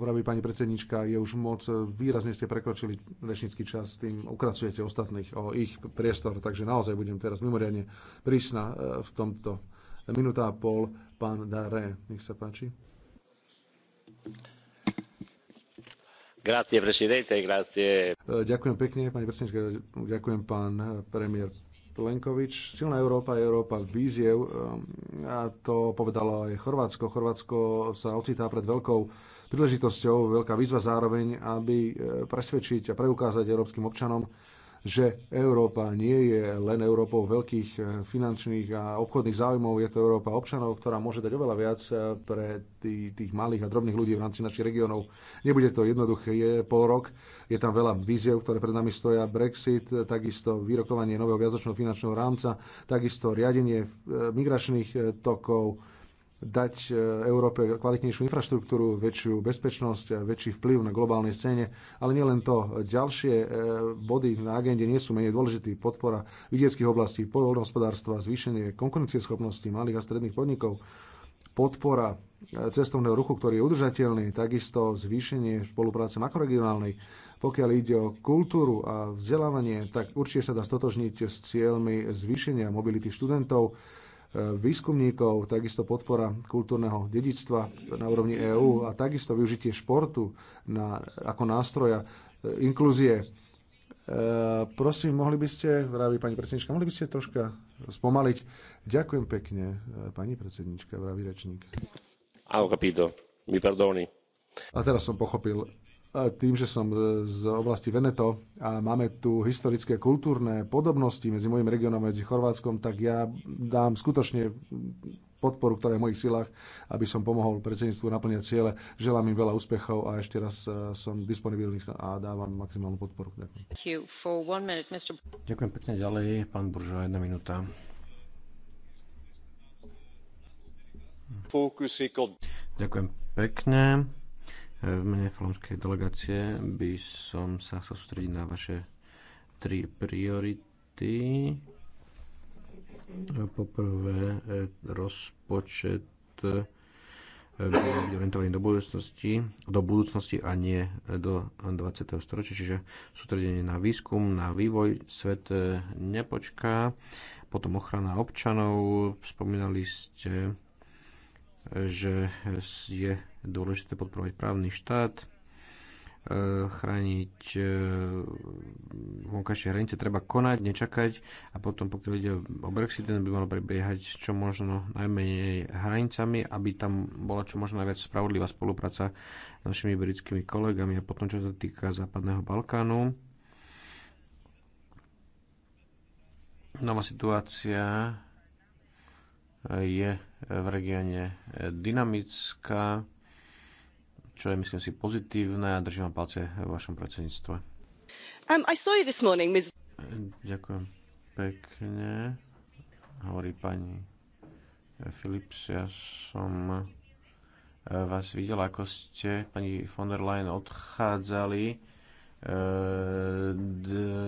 vraví pani predsednička, je už moc. Výrazne ste prekročili rečnícky čas, tým ukracujete ostatných o ich priestor, takže naozaj budem teraz mimoriadne prísna e, v tomto. Minúta a pol, pán Daré, nech sa páči. Grazie, grazie. E, ďakujem pekne, pani predsednička, ďakujem pán e, premiér Plenkovič. Silná Európa je Európa víziev um, a to povedalo aj Chorvátsko. Chorvátsko sa ocitá pred veľkou príležitosťou, veľká výzva zároveň, aby eh, presvedčiť a preukázať európskym občanom, že Európa nie je len Európou veľkých eh, finančných a obchodných záujmov, je to Európa občanov, ktorá môže dať oveľa viac eh, pre tých, tých malých a drobných ľudí v rámci našich regiónov. Nebude to jednoduché, je pol rok, je tam veľa víziev, ktoré pred nami stoja, Brexit, eh, takisto vyrokovanie nového viazočného finančného rámca, takisto riadenie migračných tokov, dať e, Európe kvalitnejšiu infraštruktúru, väčšiu bezpečnosť a väčší vplyv na globálnej scéne. Ale nielen to, ďalšie e, body na agende nie sú menej dôležité. Podpora vidieckých oblastí, poľnohospodárstva, zvýšenie konkurencieschopnosti malých a stredných podnikov, podpora e, cestovného ruchu, ktorý je udržateľný, takisto zvýšenie spolupráce makroregionálnej. Pokiaľ ide o kultúru a vzdelávanie, tak určite sa dá stotožniť s cieľmi zvýšenia mobility študentov, výskumníkov, takisto podpora kultúrneho dedictva na úrovni EÚ a takisto využitie športu na, ako nástroja e, inklúzie. E, prosím, mohli by ste, vraví pani predsednička, mohli by ste troška spomaliť. Ďakujem pekne, e, pani predsednička, vraví rečník. A teraz som pochopil tým, že som z oblasti Veneto a máme tu historické a kultúrne podobnosti medzi môjim regiónom a medzi Chorvátskom, tak ja dám skutočne podporu, ktorá je v mojich silách, aby som pomohol predsedníctvu naplňať ciele. Želám im veľa úspechov a ešte raz e, som disponibilný a dávam maximálnu podporu. Ďakujem. Ďakujem pekne ďalej. Pán Buržo, jedna minúta. Ďakujem pekne v mene flamskej delegácie by som sa chcel sústrediť na vaše tri priority. Poprvé e, rozpočet e, orientovaný do budúcnosti, do budúcnosti a nie do 20. storočia, čiže sústredenie na výskum, na vývoj, svet e, nepočká. Potom ochrana občanov, spomínali ste, že je dôležité podporovať právny štát, e, chrániť e, vonkajšie hranice, treba konať, nečakať a potom pokiaľ ide o Brexit, ten by mal prebiehať čo možno najmenej hranicami, aby tam bola čo možno najviac spravodlivá spolupráca s našimi britskými kolegami a potom čo sa týka Západného Balkánu. Nová situácia je v regióne dynamická čo je myslím si pozitívne a držím vám palce v vašom predsedníctve. Um, I saw you this morning, Ms. Ďakujem pekne, hovorí pani Philips. Ja som eh, vás videla, ako ste, pani von der Leyen, odchádzali eh,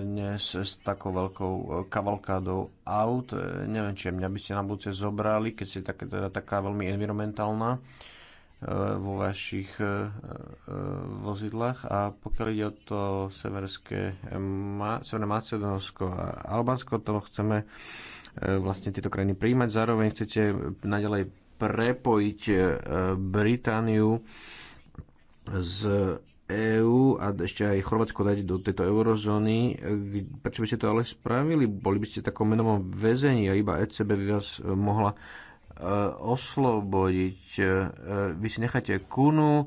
dnes s takou veľkou eh, kavalkádou aut. Neviem, či mňa by ste na budúce zobrali, keď ste tak, teda taká veľmi environmentálna Eh, vo vašich eh, eh, vozidlách. A pokiaľ ide o to severské, Severné Macedónsko a Albánsko, to chceme vlastne tieto krajiny príjmať. Zároveň chcete naďalej prepojiť Britániu z EÚ a ešte aj Chorvátsko dať do tejto eurozóny. Prečo by ste to ale spravili? Boli by ste takom menovom väzení a iba ECB by vás mohla Eh, oslobodiť. Eh, eh, vy si necháte kunu,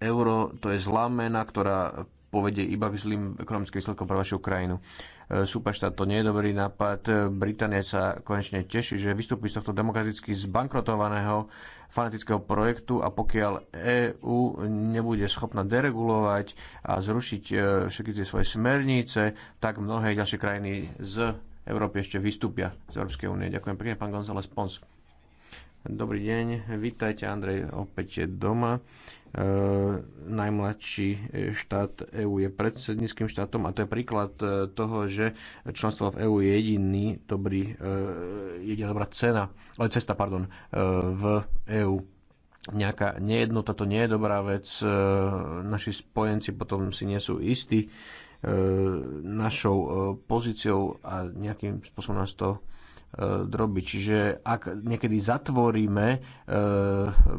euro to je zlá mena, ktorá povedie iba k zlým ekonomickým výsledkom pre vašu krajinu. Súpaštát to nie je dobrý nápad. Británia sa konečne teší, že vystúpi z tohto demokraticky zbankrotovaného fanatického projektu a pokiaľ EÚ nebude schopná deregulovať a zrušiť všetky tie svoje smernice, tak mnohé ďalšie krajiny z Európy ešte vystúpia z Európskej únie. Ďakujem pekne, pán González Pons. Dobrý deň, vítajte Andrej opäť doma. E, najmladší štát EÚ je predsedníckým štátom a to je príklad e, toho, že členstvo v EÚ je jediný dobrý, e, jediná dobrá cena, ale cesta, pardon, e, v EÚ. Nejaká nejednota to nie je dobrá vec, e, naši spojenci potom si nie sú istí. E, E, našou e, pozíciou a nejakým spôsobom nás to droby. Čiže ak niekedy zatvoríme e,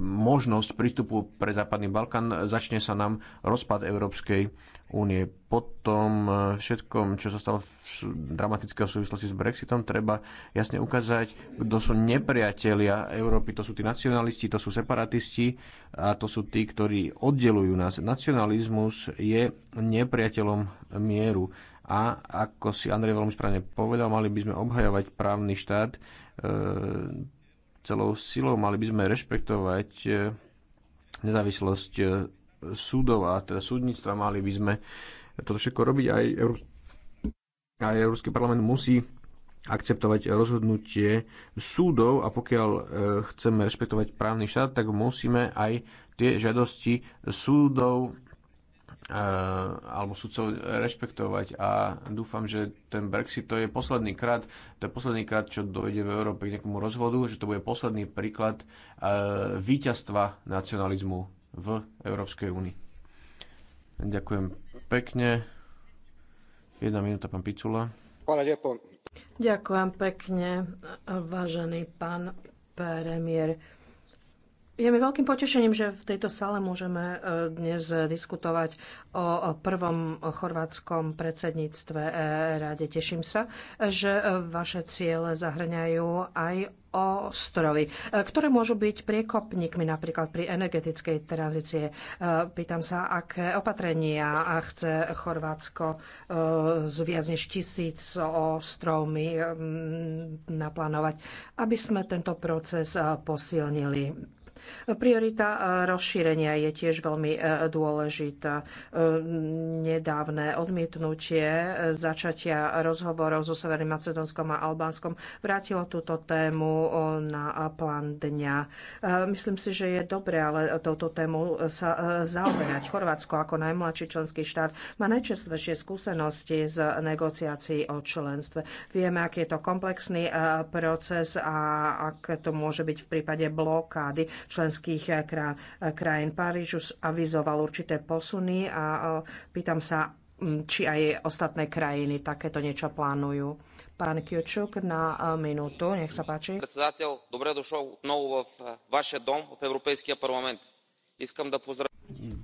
možnosť prístupu pre Západný Balkán, začne sa nám rozpad Európskej únie. Potom e, všetkom, čo sa stalo v v súvislosti s Brexitom, treba jasne ukázať, kto sú nepriatelia Európy. To sú tí nacionalisti, to sú separatisti a to sú tí, ktorí oddelujú nás. Nacionalizmus je nepriateľom mieru a ako si Andrej veľmi správne povedal, mali by sme obhajovať právny štát e, celou silou, mali by sme rešpektovať e, nezávislosť e, súdov a teda súdnictva, mali by sme toto všetko robiť aj, Euró- aj Európsky parlament musí akceptovať rozhodnutie súdov a pokiaľ e, chceme rešpektovať právny štát, tak musíme aj tie žiadosti súdov E, alebo sudcov rešpektovať a dúfam, že ten Brexit to je posledný krát, to je posledný krát, čo dojde v Európe k nejakému rozvodu, že to bude posledný príklad e, víťazstva nacionalizmu v Európskej únii. Ďakujem pekne. Jedna minúta, pán Picula. Ďakujem pekne, vážený pán premiér. Je mi veľkým potešením, že v tejto sále môžeme e, dnes diskutovať o prvom chorvátskom predsedníctve e, rade. Teším sa, že e, vaše ciele zahrňajú aj ostrovy, ktoré môžu byť priekopníkmi napríklad pri energetickej tranzície. Pýtam sa, aké opatrenia chce Chorvátsko z viac než tisíc ostrovmi naplánovať, aby sme tento proces posilnili. Priorita e, rozšírenia je tiež veľmi e, dôležitá. E, nedávne odmietnutie začatia rozhovorov so Severným Macedónskom a Albánskom vrátilo túto tému na plán dňa. Myslím si, že je dobré ale touto tému sa zaoberať. Chorvátsko ako najmladší členský štát má najčerstvejšie skúsenosti z negociácií o členstve. Vieme, aký je to komplexný proces a ak to môže byť v prípade blokády členských eh, eh, krajín. Paríž už avizoval určité posuny a eh, pýtam sa, mm, či aj ostatné krajiny takéto niečo plánujú. Pán Kiočuk na minútu, nech sa páči. Predsedateľ, добре došlo znovu v вашия dom, v Európejský parlament. Искам da поздравя...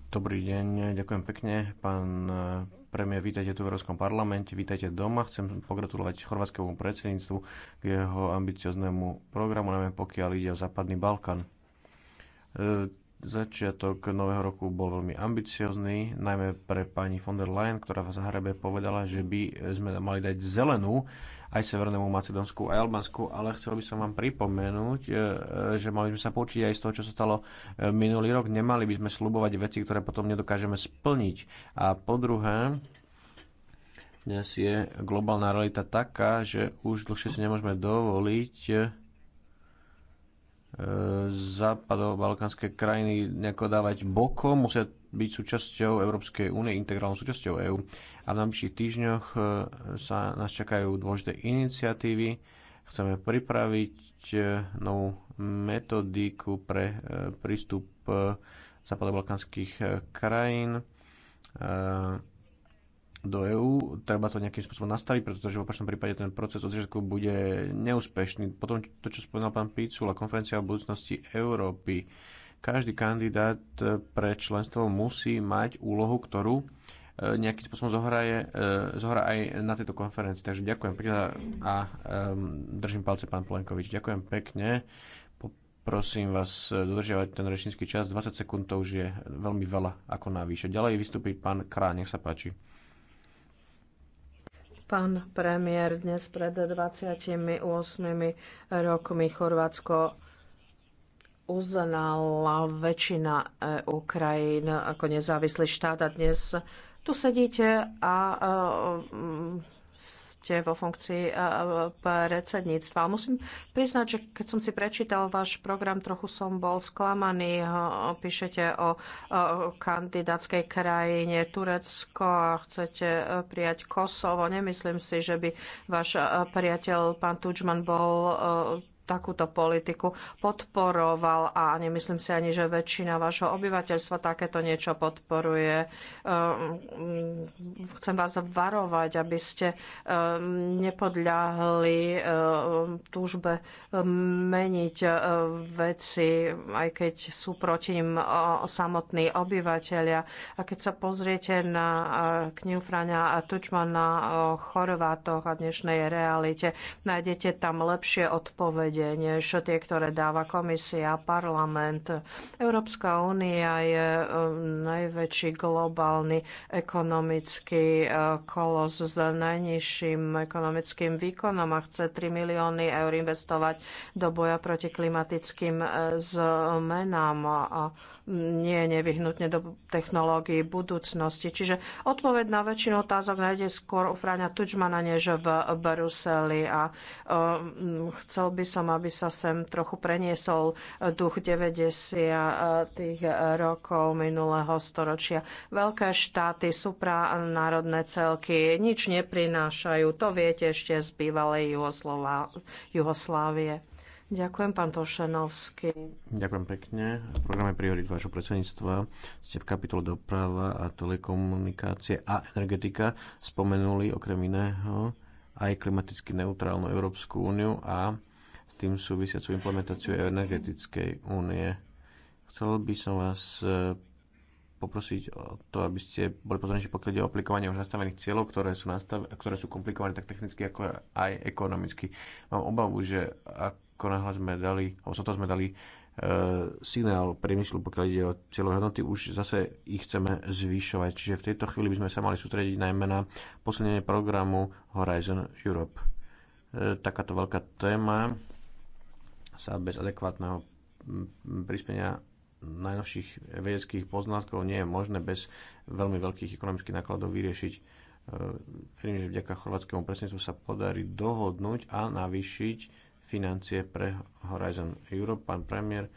Dobrý deň, ďakujem pekne. Pán premiér, vítajte tu v Európskom parlamente, vítajte doma. Chcem pogratulovať chorvátskému predsedníctvu k jeho ambicioznému programu, najmä pokiaľ ide o Západný Balkán. E, začiatok nového roku bol veľmi ambiciozný, najmä pre pani von der Leyen, ktorá v Zahrebe povedala, že by sme mali dať zelenú aj Severnému Macedónsku, aj Albánsku, ale chcel by som vám pripomenúť, e, že mali by sme sa poučiť aj z toho, čo sa stalo e, minulý rok. Nemali by sme slubovať veci, ktoré potom nedokážeme splniť. A po druhé, dnes je globálna realita taká, že už dlhšie si nemôžeme dovoliť západo-balkánske krajiny nejako dávať bokom, musia byť súčasťou Európskej únie, integrálnou súčasťou EÚ. A v najbližších týždňoch e, sa nás čakajú dôležité iniciatívy. Chceme pripraviť e, novú metodiku pre e, prístup západobalkánskych krajín do EÚ, treba to nejakým spôsobom nastaviť, pretože v opačnom prípade ten proces od začiatku bude neúspešný. Potom to, čo spomínal pán Picula, konferencia o budúcnosti Európy. Každý kandidát pre členstvo musí mať úlohu, ktorú e, nejakým spôsobom zohraje, e, zohra aj na tejto konferencii. Takže ďakujem pekne a e, držím palce pán Plenkovič. Ďakujem pekne. Prosím vás dodržiavať ten rečnícky čas. 20 sekúnd to už je veľmi veľa ako navýše. Ďalej vystúpi pán Krá, nech sa páči. Pán premiér, dnes pred 28 rokmi Chorvátsko uznala väčšina e Ukrajín ako nezávislý štát a dnes tu sedíte a, a e, ste vo funkcii eh, predsedníctva. Musím priznať, že keď som si prečítal váš program, trochu som bol sklamaný. Eh, píšete o eh, kandidátskej krajine Turecko a chcete prijať Kosovo. Nemyslím si, že by váš priateľ pán Tučman bol takúto politiku podporoval a nemyslím si ani, že väčšina vašho obyvateľstva takéto niečo podporuje. Ehm, chcem vás varovať, aby ste ehm, nepodľahli ehm, túžbe meniť veci, aj keď sú proti ním samotní obyvateľia. A keď sa pozriete na knihu Frania Tučmana o Chorvátoch a dnešnej realite, nájdete tam lepšie odpovede odpovede než tie, ktoré dáva komisia, parlament. Európska únia je e, najväčší globálny ekonomický e, kolos s najnižším ekonomickým výkonom a chce 3 milióny eur investovať do boja proti klimatickým e, zmenám. A nie je nevyhnutne do technológií budúcnosti. Čiže odpoveď na väčšinu otázok nájde skôr u Fráňa Tučmana než v Bruseli. A um, chcel by som, aby sa sem trochu preniesol duch 90 rokov minulého storočia. Veľké štáty supranárodné celky, nič neprinášajú. To viete ešte z bývalej Juhoslova, Juhoslávie. Ďakujem, pán Tošenovský. Ďakujem pekne. V programe Priorit vášho predsedníctva ste v kapitole doprava a telekomunikácie a energetika spomenuli okrem iného aj klimaticky neutrálnu Európsku úniu a s tým súvisiacu implementáciu energetickej únie. Chcel by som vás e, poprosiť o to, aby ste boli pozornejší, pokiaľ ide o aplikovanie už nastavených cieľov, ktoré sú, nastav- ktoré sú komplikované tak technicky, ako aj ekonomicky. Mám obavu, že ak ako náhle sme dali, alebo to sme dali uh, signál priemyslu, pokiaľ ide o cieľové hodnoty, už zase ich chceme zvyšovať. Čiže v tejto chvíli by sme sa mali sústrediť najmä na posilnenie programu Horizon Europe. Uh, takáto veľká téma sa bez adekvátneho prispenia najnovších vedeckých poznatkov nie je možné bez veľmi veľkých ekonomických nákladov vyriešiť. E, verím, že vďaka chorvátskému presnictvu sa podarí dohodnúť a navýšiť financie pre Horizon Europe. Pán premiér,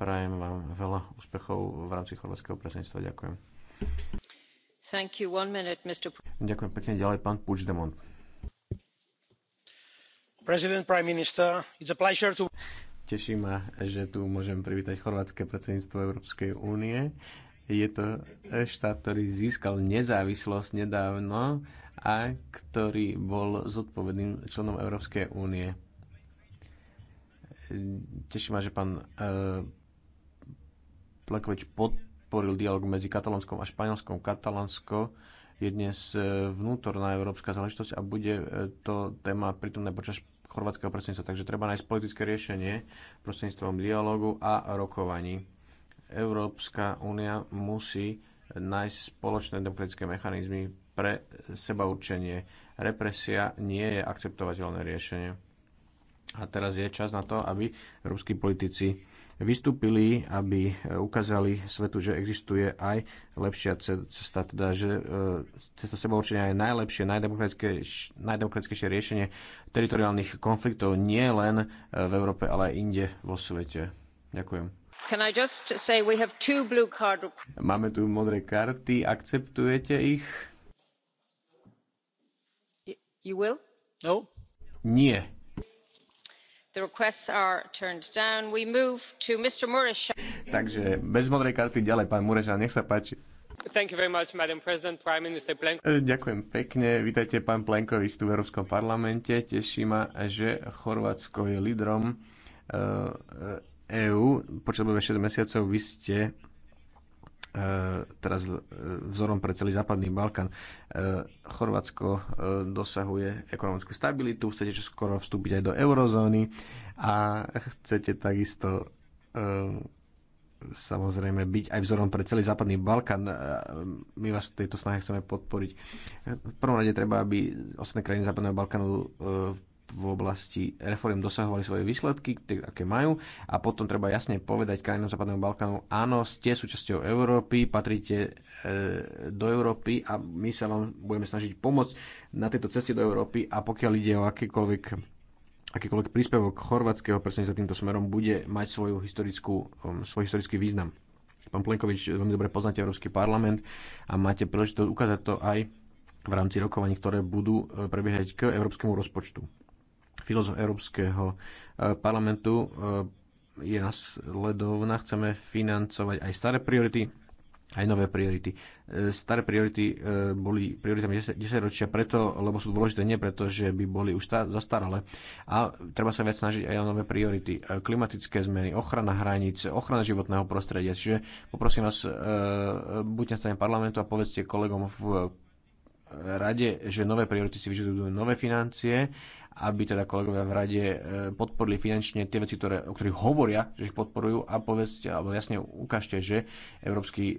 prajem vám veľa úspechov v rámci chorvátskeho predsedníctva. Ďakujem. Thank you. One minute, Mr. Ďakujem pekne. Ďalej pán Puigdemont. President, Prime Minister, it's a pleasure to... Teší ma, že tu môžem privítať chorvátske predsedníctvo Európskej únie. Je to štát, ktorý získal nezávislosť nedávno a ktorý bol zodpovedným členom Európskej únie Teší ma, že pán eh, Plekovič podporil dialog medzi Katalánskom a Španielskom. Katalánsko je dnes eh, vnútorná európska záležitosť a bude eh, to téma prítomné počas chorvátskeho predsedníctva. Takže treba nájsť politické riešenie prostredníctvom dialogu a rokovaní. Európska únia musí nájsť spoločné demokratické mechanizmy pre seba určenie. Represia nie je akceptovateľné riešenie a teraz je čas na to, aby ruskí politici vystúpili, aby e, ukázali svetu, že existuje aj lepšia cesta, teda, že e, cesta seba určenia je najlepšie, najdemokratickejšie riešenie teritoriálnych konfliktov nie len e, v Európe, ale aj inde vo svete. Ďakujem. Card... Máme tu modré karty, akceptujete ich? You will? No. Nie. Takže bez modrej karty ďalej, pán Murešan, nech sa páči. E, ďakujem pekne. Vítajte, pán Plenkovič, tu v Európskom parlamente. Teší ma, že Chorvátsko je lídrom EÚ. E, e Počas 6 mesiacov vy ste E, teraz e, vzorom pre celý západný Balkán. E, Chorvátsko dosahuje ekonomickú stabilitu, chcete skoro vstúpiť aj do eurozóny a chcete takisto samozrejme byť aj vzorom pre celý západný Balkán. My vás v tejto snahe chceme podporiť. V prvom rade treba, aby ostatné krajiny západného Balkánu v oblasti reform dosahovali svoje výsledky, aké majú a potom treba jasne povedať krajinám Západného Balkánu, áno, ste súčasťou Európy, patrite e, do Európy a my sa vám budeme snažiť pomôcť na tejto ceste do Európy a pokiaľ ide o akékoľvek akýkoľvek príspevok chorvátskeho za týmto smerom bude mať svoju historickú, um, svoj historický význam. Pán Plenkovič, veľmi dobre poznáte Európsky parlament a máte príležitosť ukázať to aj v rámci rokovaní, ktoré budú e, prebiehať k európskemu rozpočtu filozof Európskeho eh, parlamentu eh, je nasledovná. Chceme financovať aj staré priority, aj nové priority. Eh, staré priority boli prioritami 10 ročia preto, lebo sú dôležité, nie preto, že by boli už zastaralé. A treba sa viac snažiť aj o nové priority. Klimatické zmeny, ochrana hraníc, ochrana životného prostredia. Čiže poprosím vás, buďte na strane parlamentu a povedzte kolegom v rade, že nové priority si vyžadujú nové financie, aby teda kolegovia v rade e, podporili finančne tie veci, ktoré, o ktorých hovoria, že ich podporujú a povedzte, alebo jasne ukážte, že európsky e,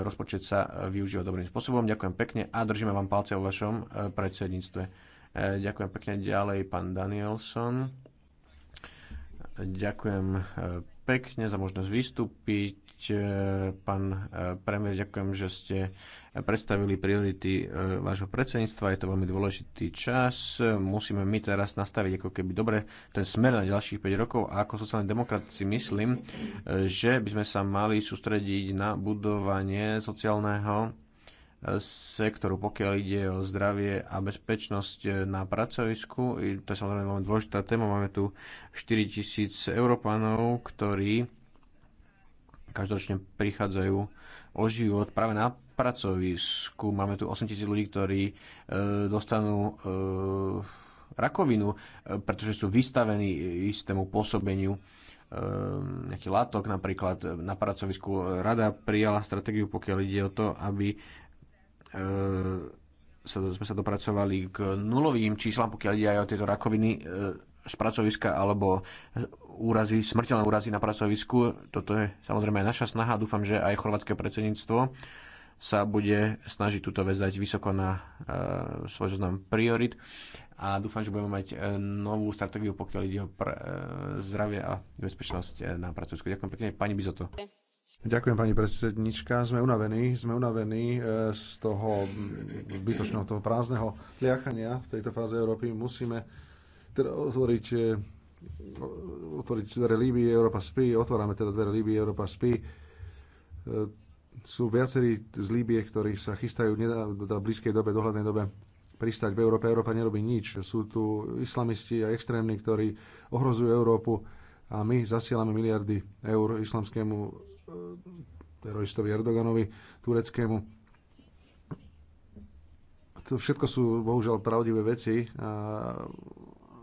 rozpočet sa využíva dobrým spôsobom. Ďakujem pekne a držíme vám palce o vašom e, predsedníctve. Ďakujem pekne ďalej, pán Danielson. Ďakujem pekne za možnosť vystúpiť E, pán e, premiér, ďakujem, že ste predstavili priority e, vášho predsedníctva. Je to veľmi dôležitý čas. Musíme my teraz nastaviť ako keby dobre ten smer na ďalších 5 rokov. A ako sociálni demokrat si myslím, že by sme sa mali sústrediť na budovanie sociálneho sektoru, pokiaľ ide o zdravie a bezpečnosť na pracovisku. To je samozrejme veľmi dôležitá téma. Máme tu 4000 Európanov, ktorí každoročne prichádzajú o život práve na pracovisku. Máme tu 8 tisíc ľudí, ktorí e, dostanú e, rakovinu, e, pretože sú vystavení istému pôsobeniu e, nejaký látok napríklad e, na pracovisku. Rada prijala stratégiu, pokiaľ ide o to, aby e, sa, sme sa dopracovali k nulovým číslam, pokiaľ ide aj o tieto rakoviny e, z pracoviska alebo úrazy, smrteľné úrazy na pracovisku. Toto je samozrejme aj naša snaha. Dúfam, že aj chorvátske predsedníctvo sa bude snažiť túto vec dať vysoko na e, svoj zoznam priorit a dúfam, že budeme mať e, novú stratégiu, pokiaľ ide o pr- e, zdravie a bezpečnosť e, na pracovisku. Ďakujem pekne, pani Bizoto. Ďakujem, pani predsednička. Sme unavení, sme unavení e, z toho zbytočného, toho prázdneho tliachania v tejto fáze Európy. Musíme teda otvoriť otvoriť dvere Líbii, Európa spí, otvárame teda dvere Líbie, Európa spí. E, sú viacerí z Líbie, ktorí sa chystajú v teda blízkej dobe, dohľadnej dobe pristať v Európe. Európa nerobí nič. Sú tu islamisti a extrémni, ktorí ohrozujú Európu a my zasielame miliardy eur islamskému e, teroristovi Erdoganovi, tureckému. To všetko sú bohužiaľ pravdivé veci. A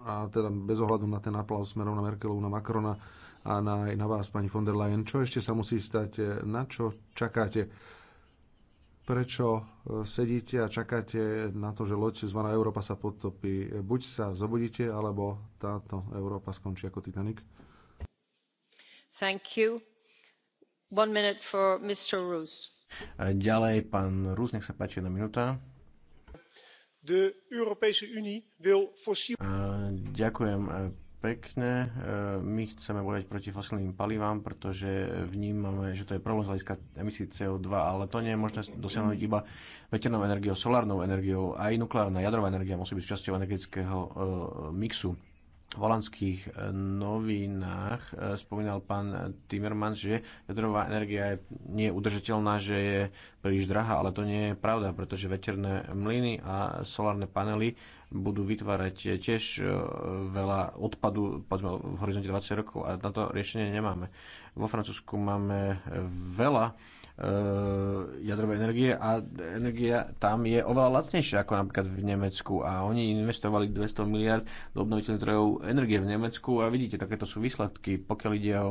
a teda bez ohľadu na ten aplaus smerom na Merkelovu, na Macrona a na, aj na vás, pani von der Leyen, čo ešte sa musí stať, na čo čakáte? prečo e, sedíte a čakáte na to, že loď zvaná Európa sa potopí. Buď sa zobudíte, alebo táto Európa skončí ako Titanic. Thank you. One minute for Mr. Ďalej pán Rus, nech sa páči jedna minúta. De Europese Unie wil fossiel... Eh, ďakujem eh, pekne. Eh, my chceme bojať proti fosilným palivám, pretože vnímame, že to je problém z hľadiska emisí CO2, ale to nie je možné dosiahnuť iba veternou energiou, solárnou energiou, aj nukleárna jadrová energia musí byť časťou energetického mixu. V holandských eh, novinách eh, spomínal pán Timmermans, že jadrová energia je nie udržateľná, že je príliš drahá, ale to nie je pravda, pretože veterné mlyny a solárne panely budú vytvárať tiež e, veľa odpadu poďme, v horizonte 20 rokov a na to riešenie nemáme. Vo Francúzsku máme veľa e, jadrovej energie a energia tam je oveľa lacnejšia ako napríklad v Nemecku a oni investovali 200 miliard do obnoviteľných zdrojov energie v Nemecku a vidíte, takéto sú výsledky, pokiaľ ide o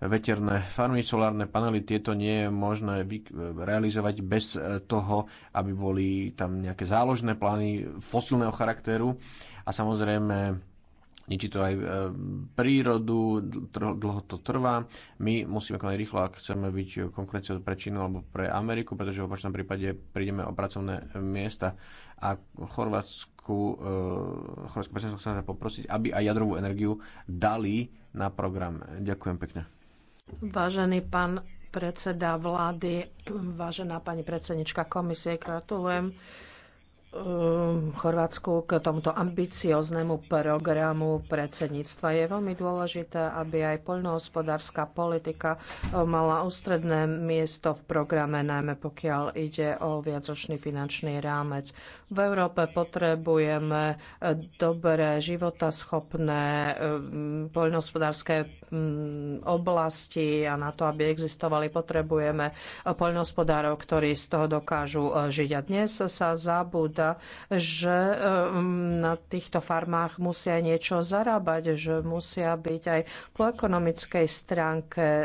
veterné farmy, solárne panely, tieto nie je možné realizovať bez e, toho, aby boli tam nejaké záložné plány fosilného charakteru a samozrejme ničí to aj e, prírodu, dlho to trvá. My musíme konať rýchlo, ak chceme byť konkurenciou pre Čínu alebo pre Ameriku, pretože v opačnom prípade prídeme o pracovné e, miesta. A Chorvátsku, Chorvátsko predsedníctvo chcem sa poprosiť, aby aj jadrovú energiu dali na program. Ďakujem pekne. Vážený pán predseda vlády, vážená pani predsednička komisie, gratulujem Um, Chorvátsku k tomuto ambicioznému programu predsedníctva. Je veľmi dôležité, aby aj poľnohospodárska politika um, mala ústredné miesto v programe, najmä pokiaľ ide o viacročný finančný rámec. V Európe potrebujeme eh, dobré, životaschopné eh, poľnohospodárske mm, oblasti a na to, aby existovali, potrebujeme eh, poľnohospodárov, ktorí z toho dokážu žiť. A dnes sa zabúda dôležitá, teda, že ehm, na týchto farmách musia niečo zarábať, že musia byť aj po ekonomickej stránke e,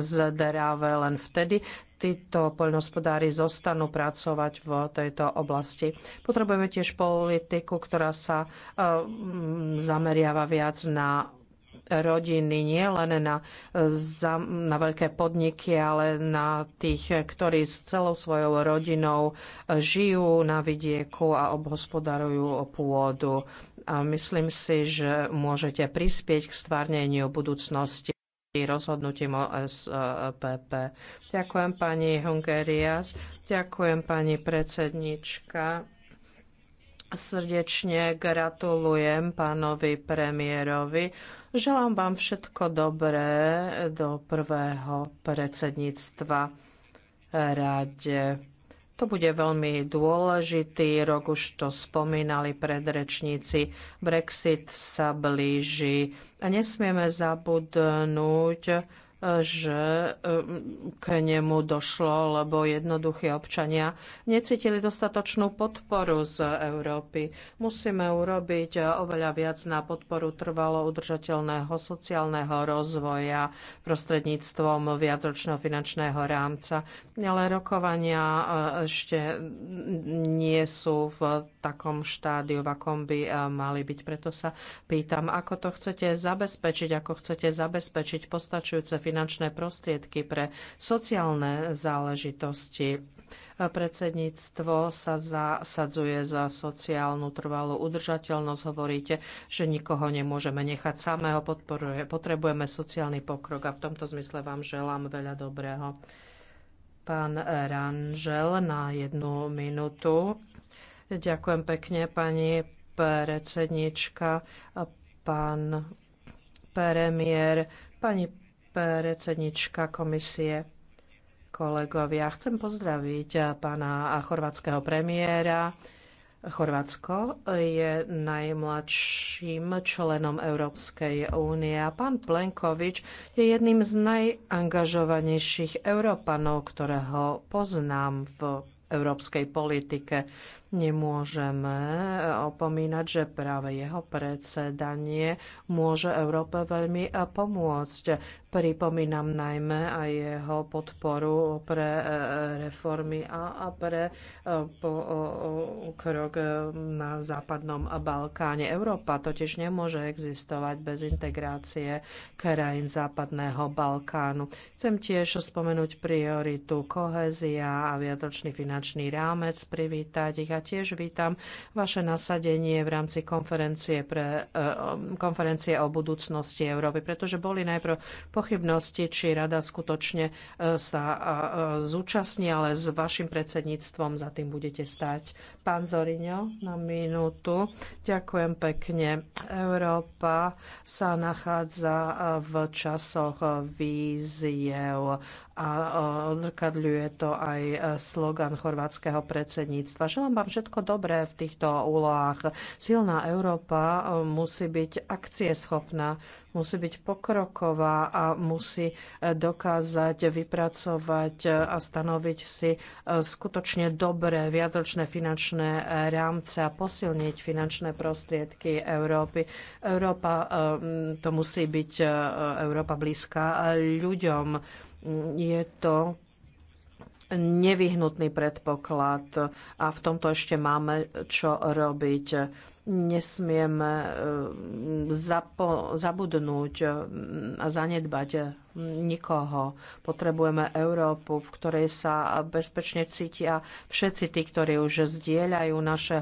zdravé len vtedy, títo poľnospodári zostanú pracovať v tejto oblasti. Potrebujeme tiež politiku, ktorá sa e, zameriava viac na rodiny, nie len na, za, na veľké podniky, ale na tých, ktorí s celou svojou rodinou žijú na vidieku a obhospodarujú pôdu. A myslím si, že môžete prispieť k stvárneniu budúcnosti rozhodnutím o SPP. Ďakujem pani Hungerias, ďakujem pani predsednička. Srdečne gratulujem pánovi premiérovi Želám vám všetko dobré do prvého predsedníctva rade. To bude veľmi dôležitý rok, už to spomínali predrečníci. Brexit sa blíži a nesmieme zabudnúť, že um, k nemu došlo, lebo jednoduchí občania necítili dostatočnú podporu z Európy. Musíme urobiť eh, oveľa viac na podporu trvalo udržateľného sociálneho rozvoja prostredníctvom viacročného finančného rámca. Ale rokovania eh, ešte nie sú v takom štádiu, v akom by eh, mali byť. Preto sa pýtam, ako to chcete zabezpečiť, ako chcete zabezpečiť postačujúce finančné finančné prostriedky pre sociálne záležitosti. Predsedníctvo sa zasadzuje za sociálnu trvalú udržateľnosť. Hovoríte, že nikoho nemôžeme nechať samého. Podporuje, potrebujeme sociálny pokrok a v tomto zmysle vám želám veľa dobrého. Pán Ranžel na jednu minútu. Ďakujem pekne, pani predsednička, pán premiér, pani predsednička komisie. Kolegovia, chcem pozdraviť pána chorvátskeho premiéra. Chorvátsko je najmladším členom Európskej únie a pán Plenkovič je jedným z najangažovanejších Európanov, ktorého poznám v európskej politike. Nemôžeme opomínať, že práve jeho predsedanie môže Európe veľmi pomôcť. Pripomínam najmä aj jeho podporu pre e, e, reformy a pre e, krok na západnom Balkáne. Európa totiž nemôže existovať bez integrácie krajín západného Balkánu. Chcem tiež spomenúť prioritu kohezia a viatočný finančný rámec, privítať ich a tiež vítam vaše nasadenie v rámci konferencie, pre, konferencie o budúcnosti Európy, pretože boli najprv po pochybnosti, či rada skutočne e, sa e, e, zúčastní, ale s vašim predsedníctvom za tým budete stať. Pán Zoriňo, na minútu. Ďakujem pekne. Európa sa nachádza e, v časoch e, víziev a e, odzrkadľuje to aj slogan chorvátskeho predsedníctva. Želám vám všetko dobré v týchto úlohách. Silná Európa musí byť akcieschopná, musí byť pokroková a musí dokázať vypracovať a stanoviť si skutočne dobré viacročné finančné finančné eh, rámce a posilniť finančné prostriedky Európy. Európa eh, mm, to musí byť eh, Európa blízka ľuďom. Mm, je to nevyhnutný predpoklad a v tomto ešte máme čo robiť nesmieme eh, zapo- zabudnúť eh, a zanedbať eh, nikoho. Potrebujeme Európu, v ktorej sa bezpečne cítia všetci tí, ktorí už zdieľajú naše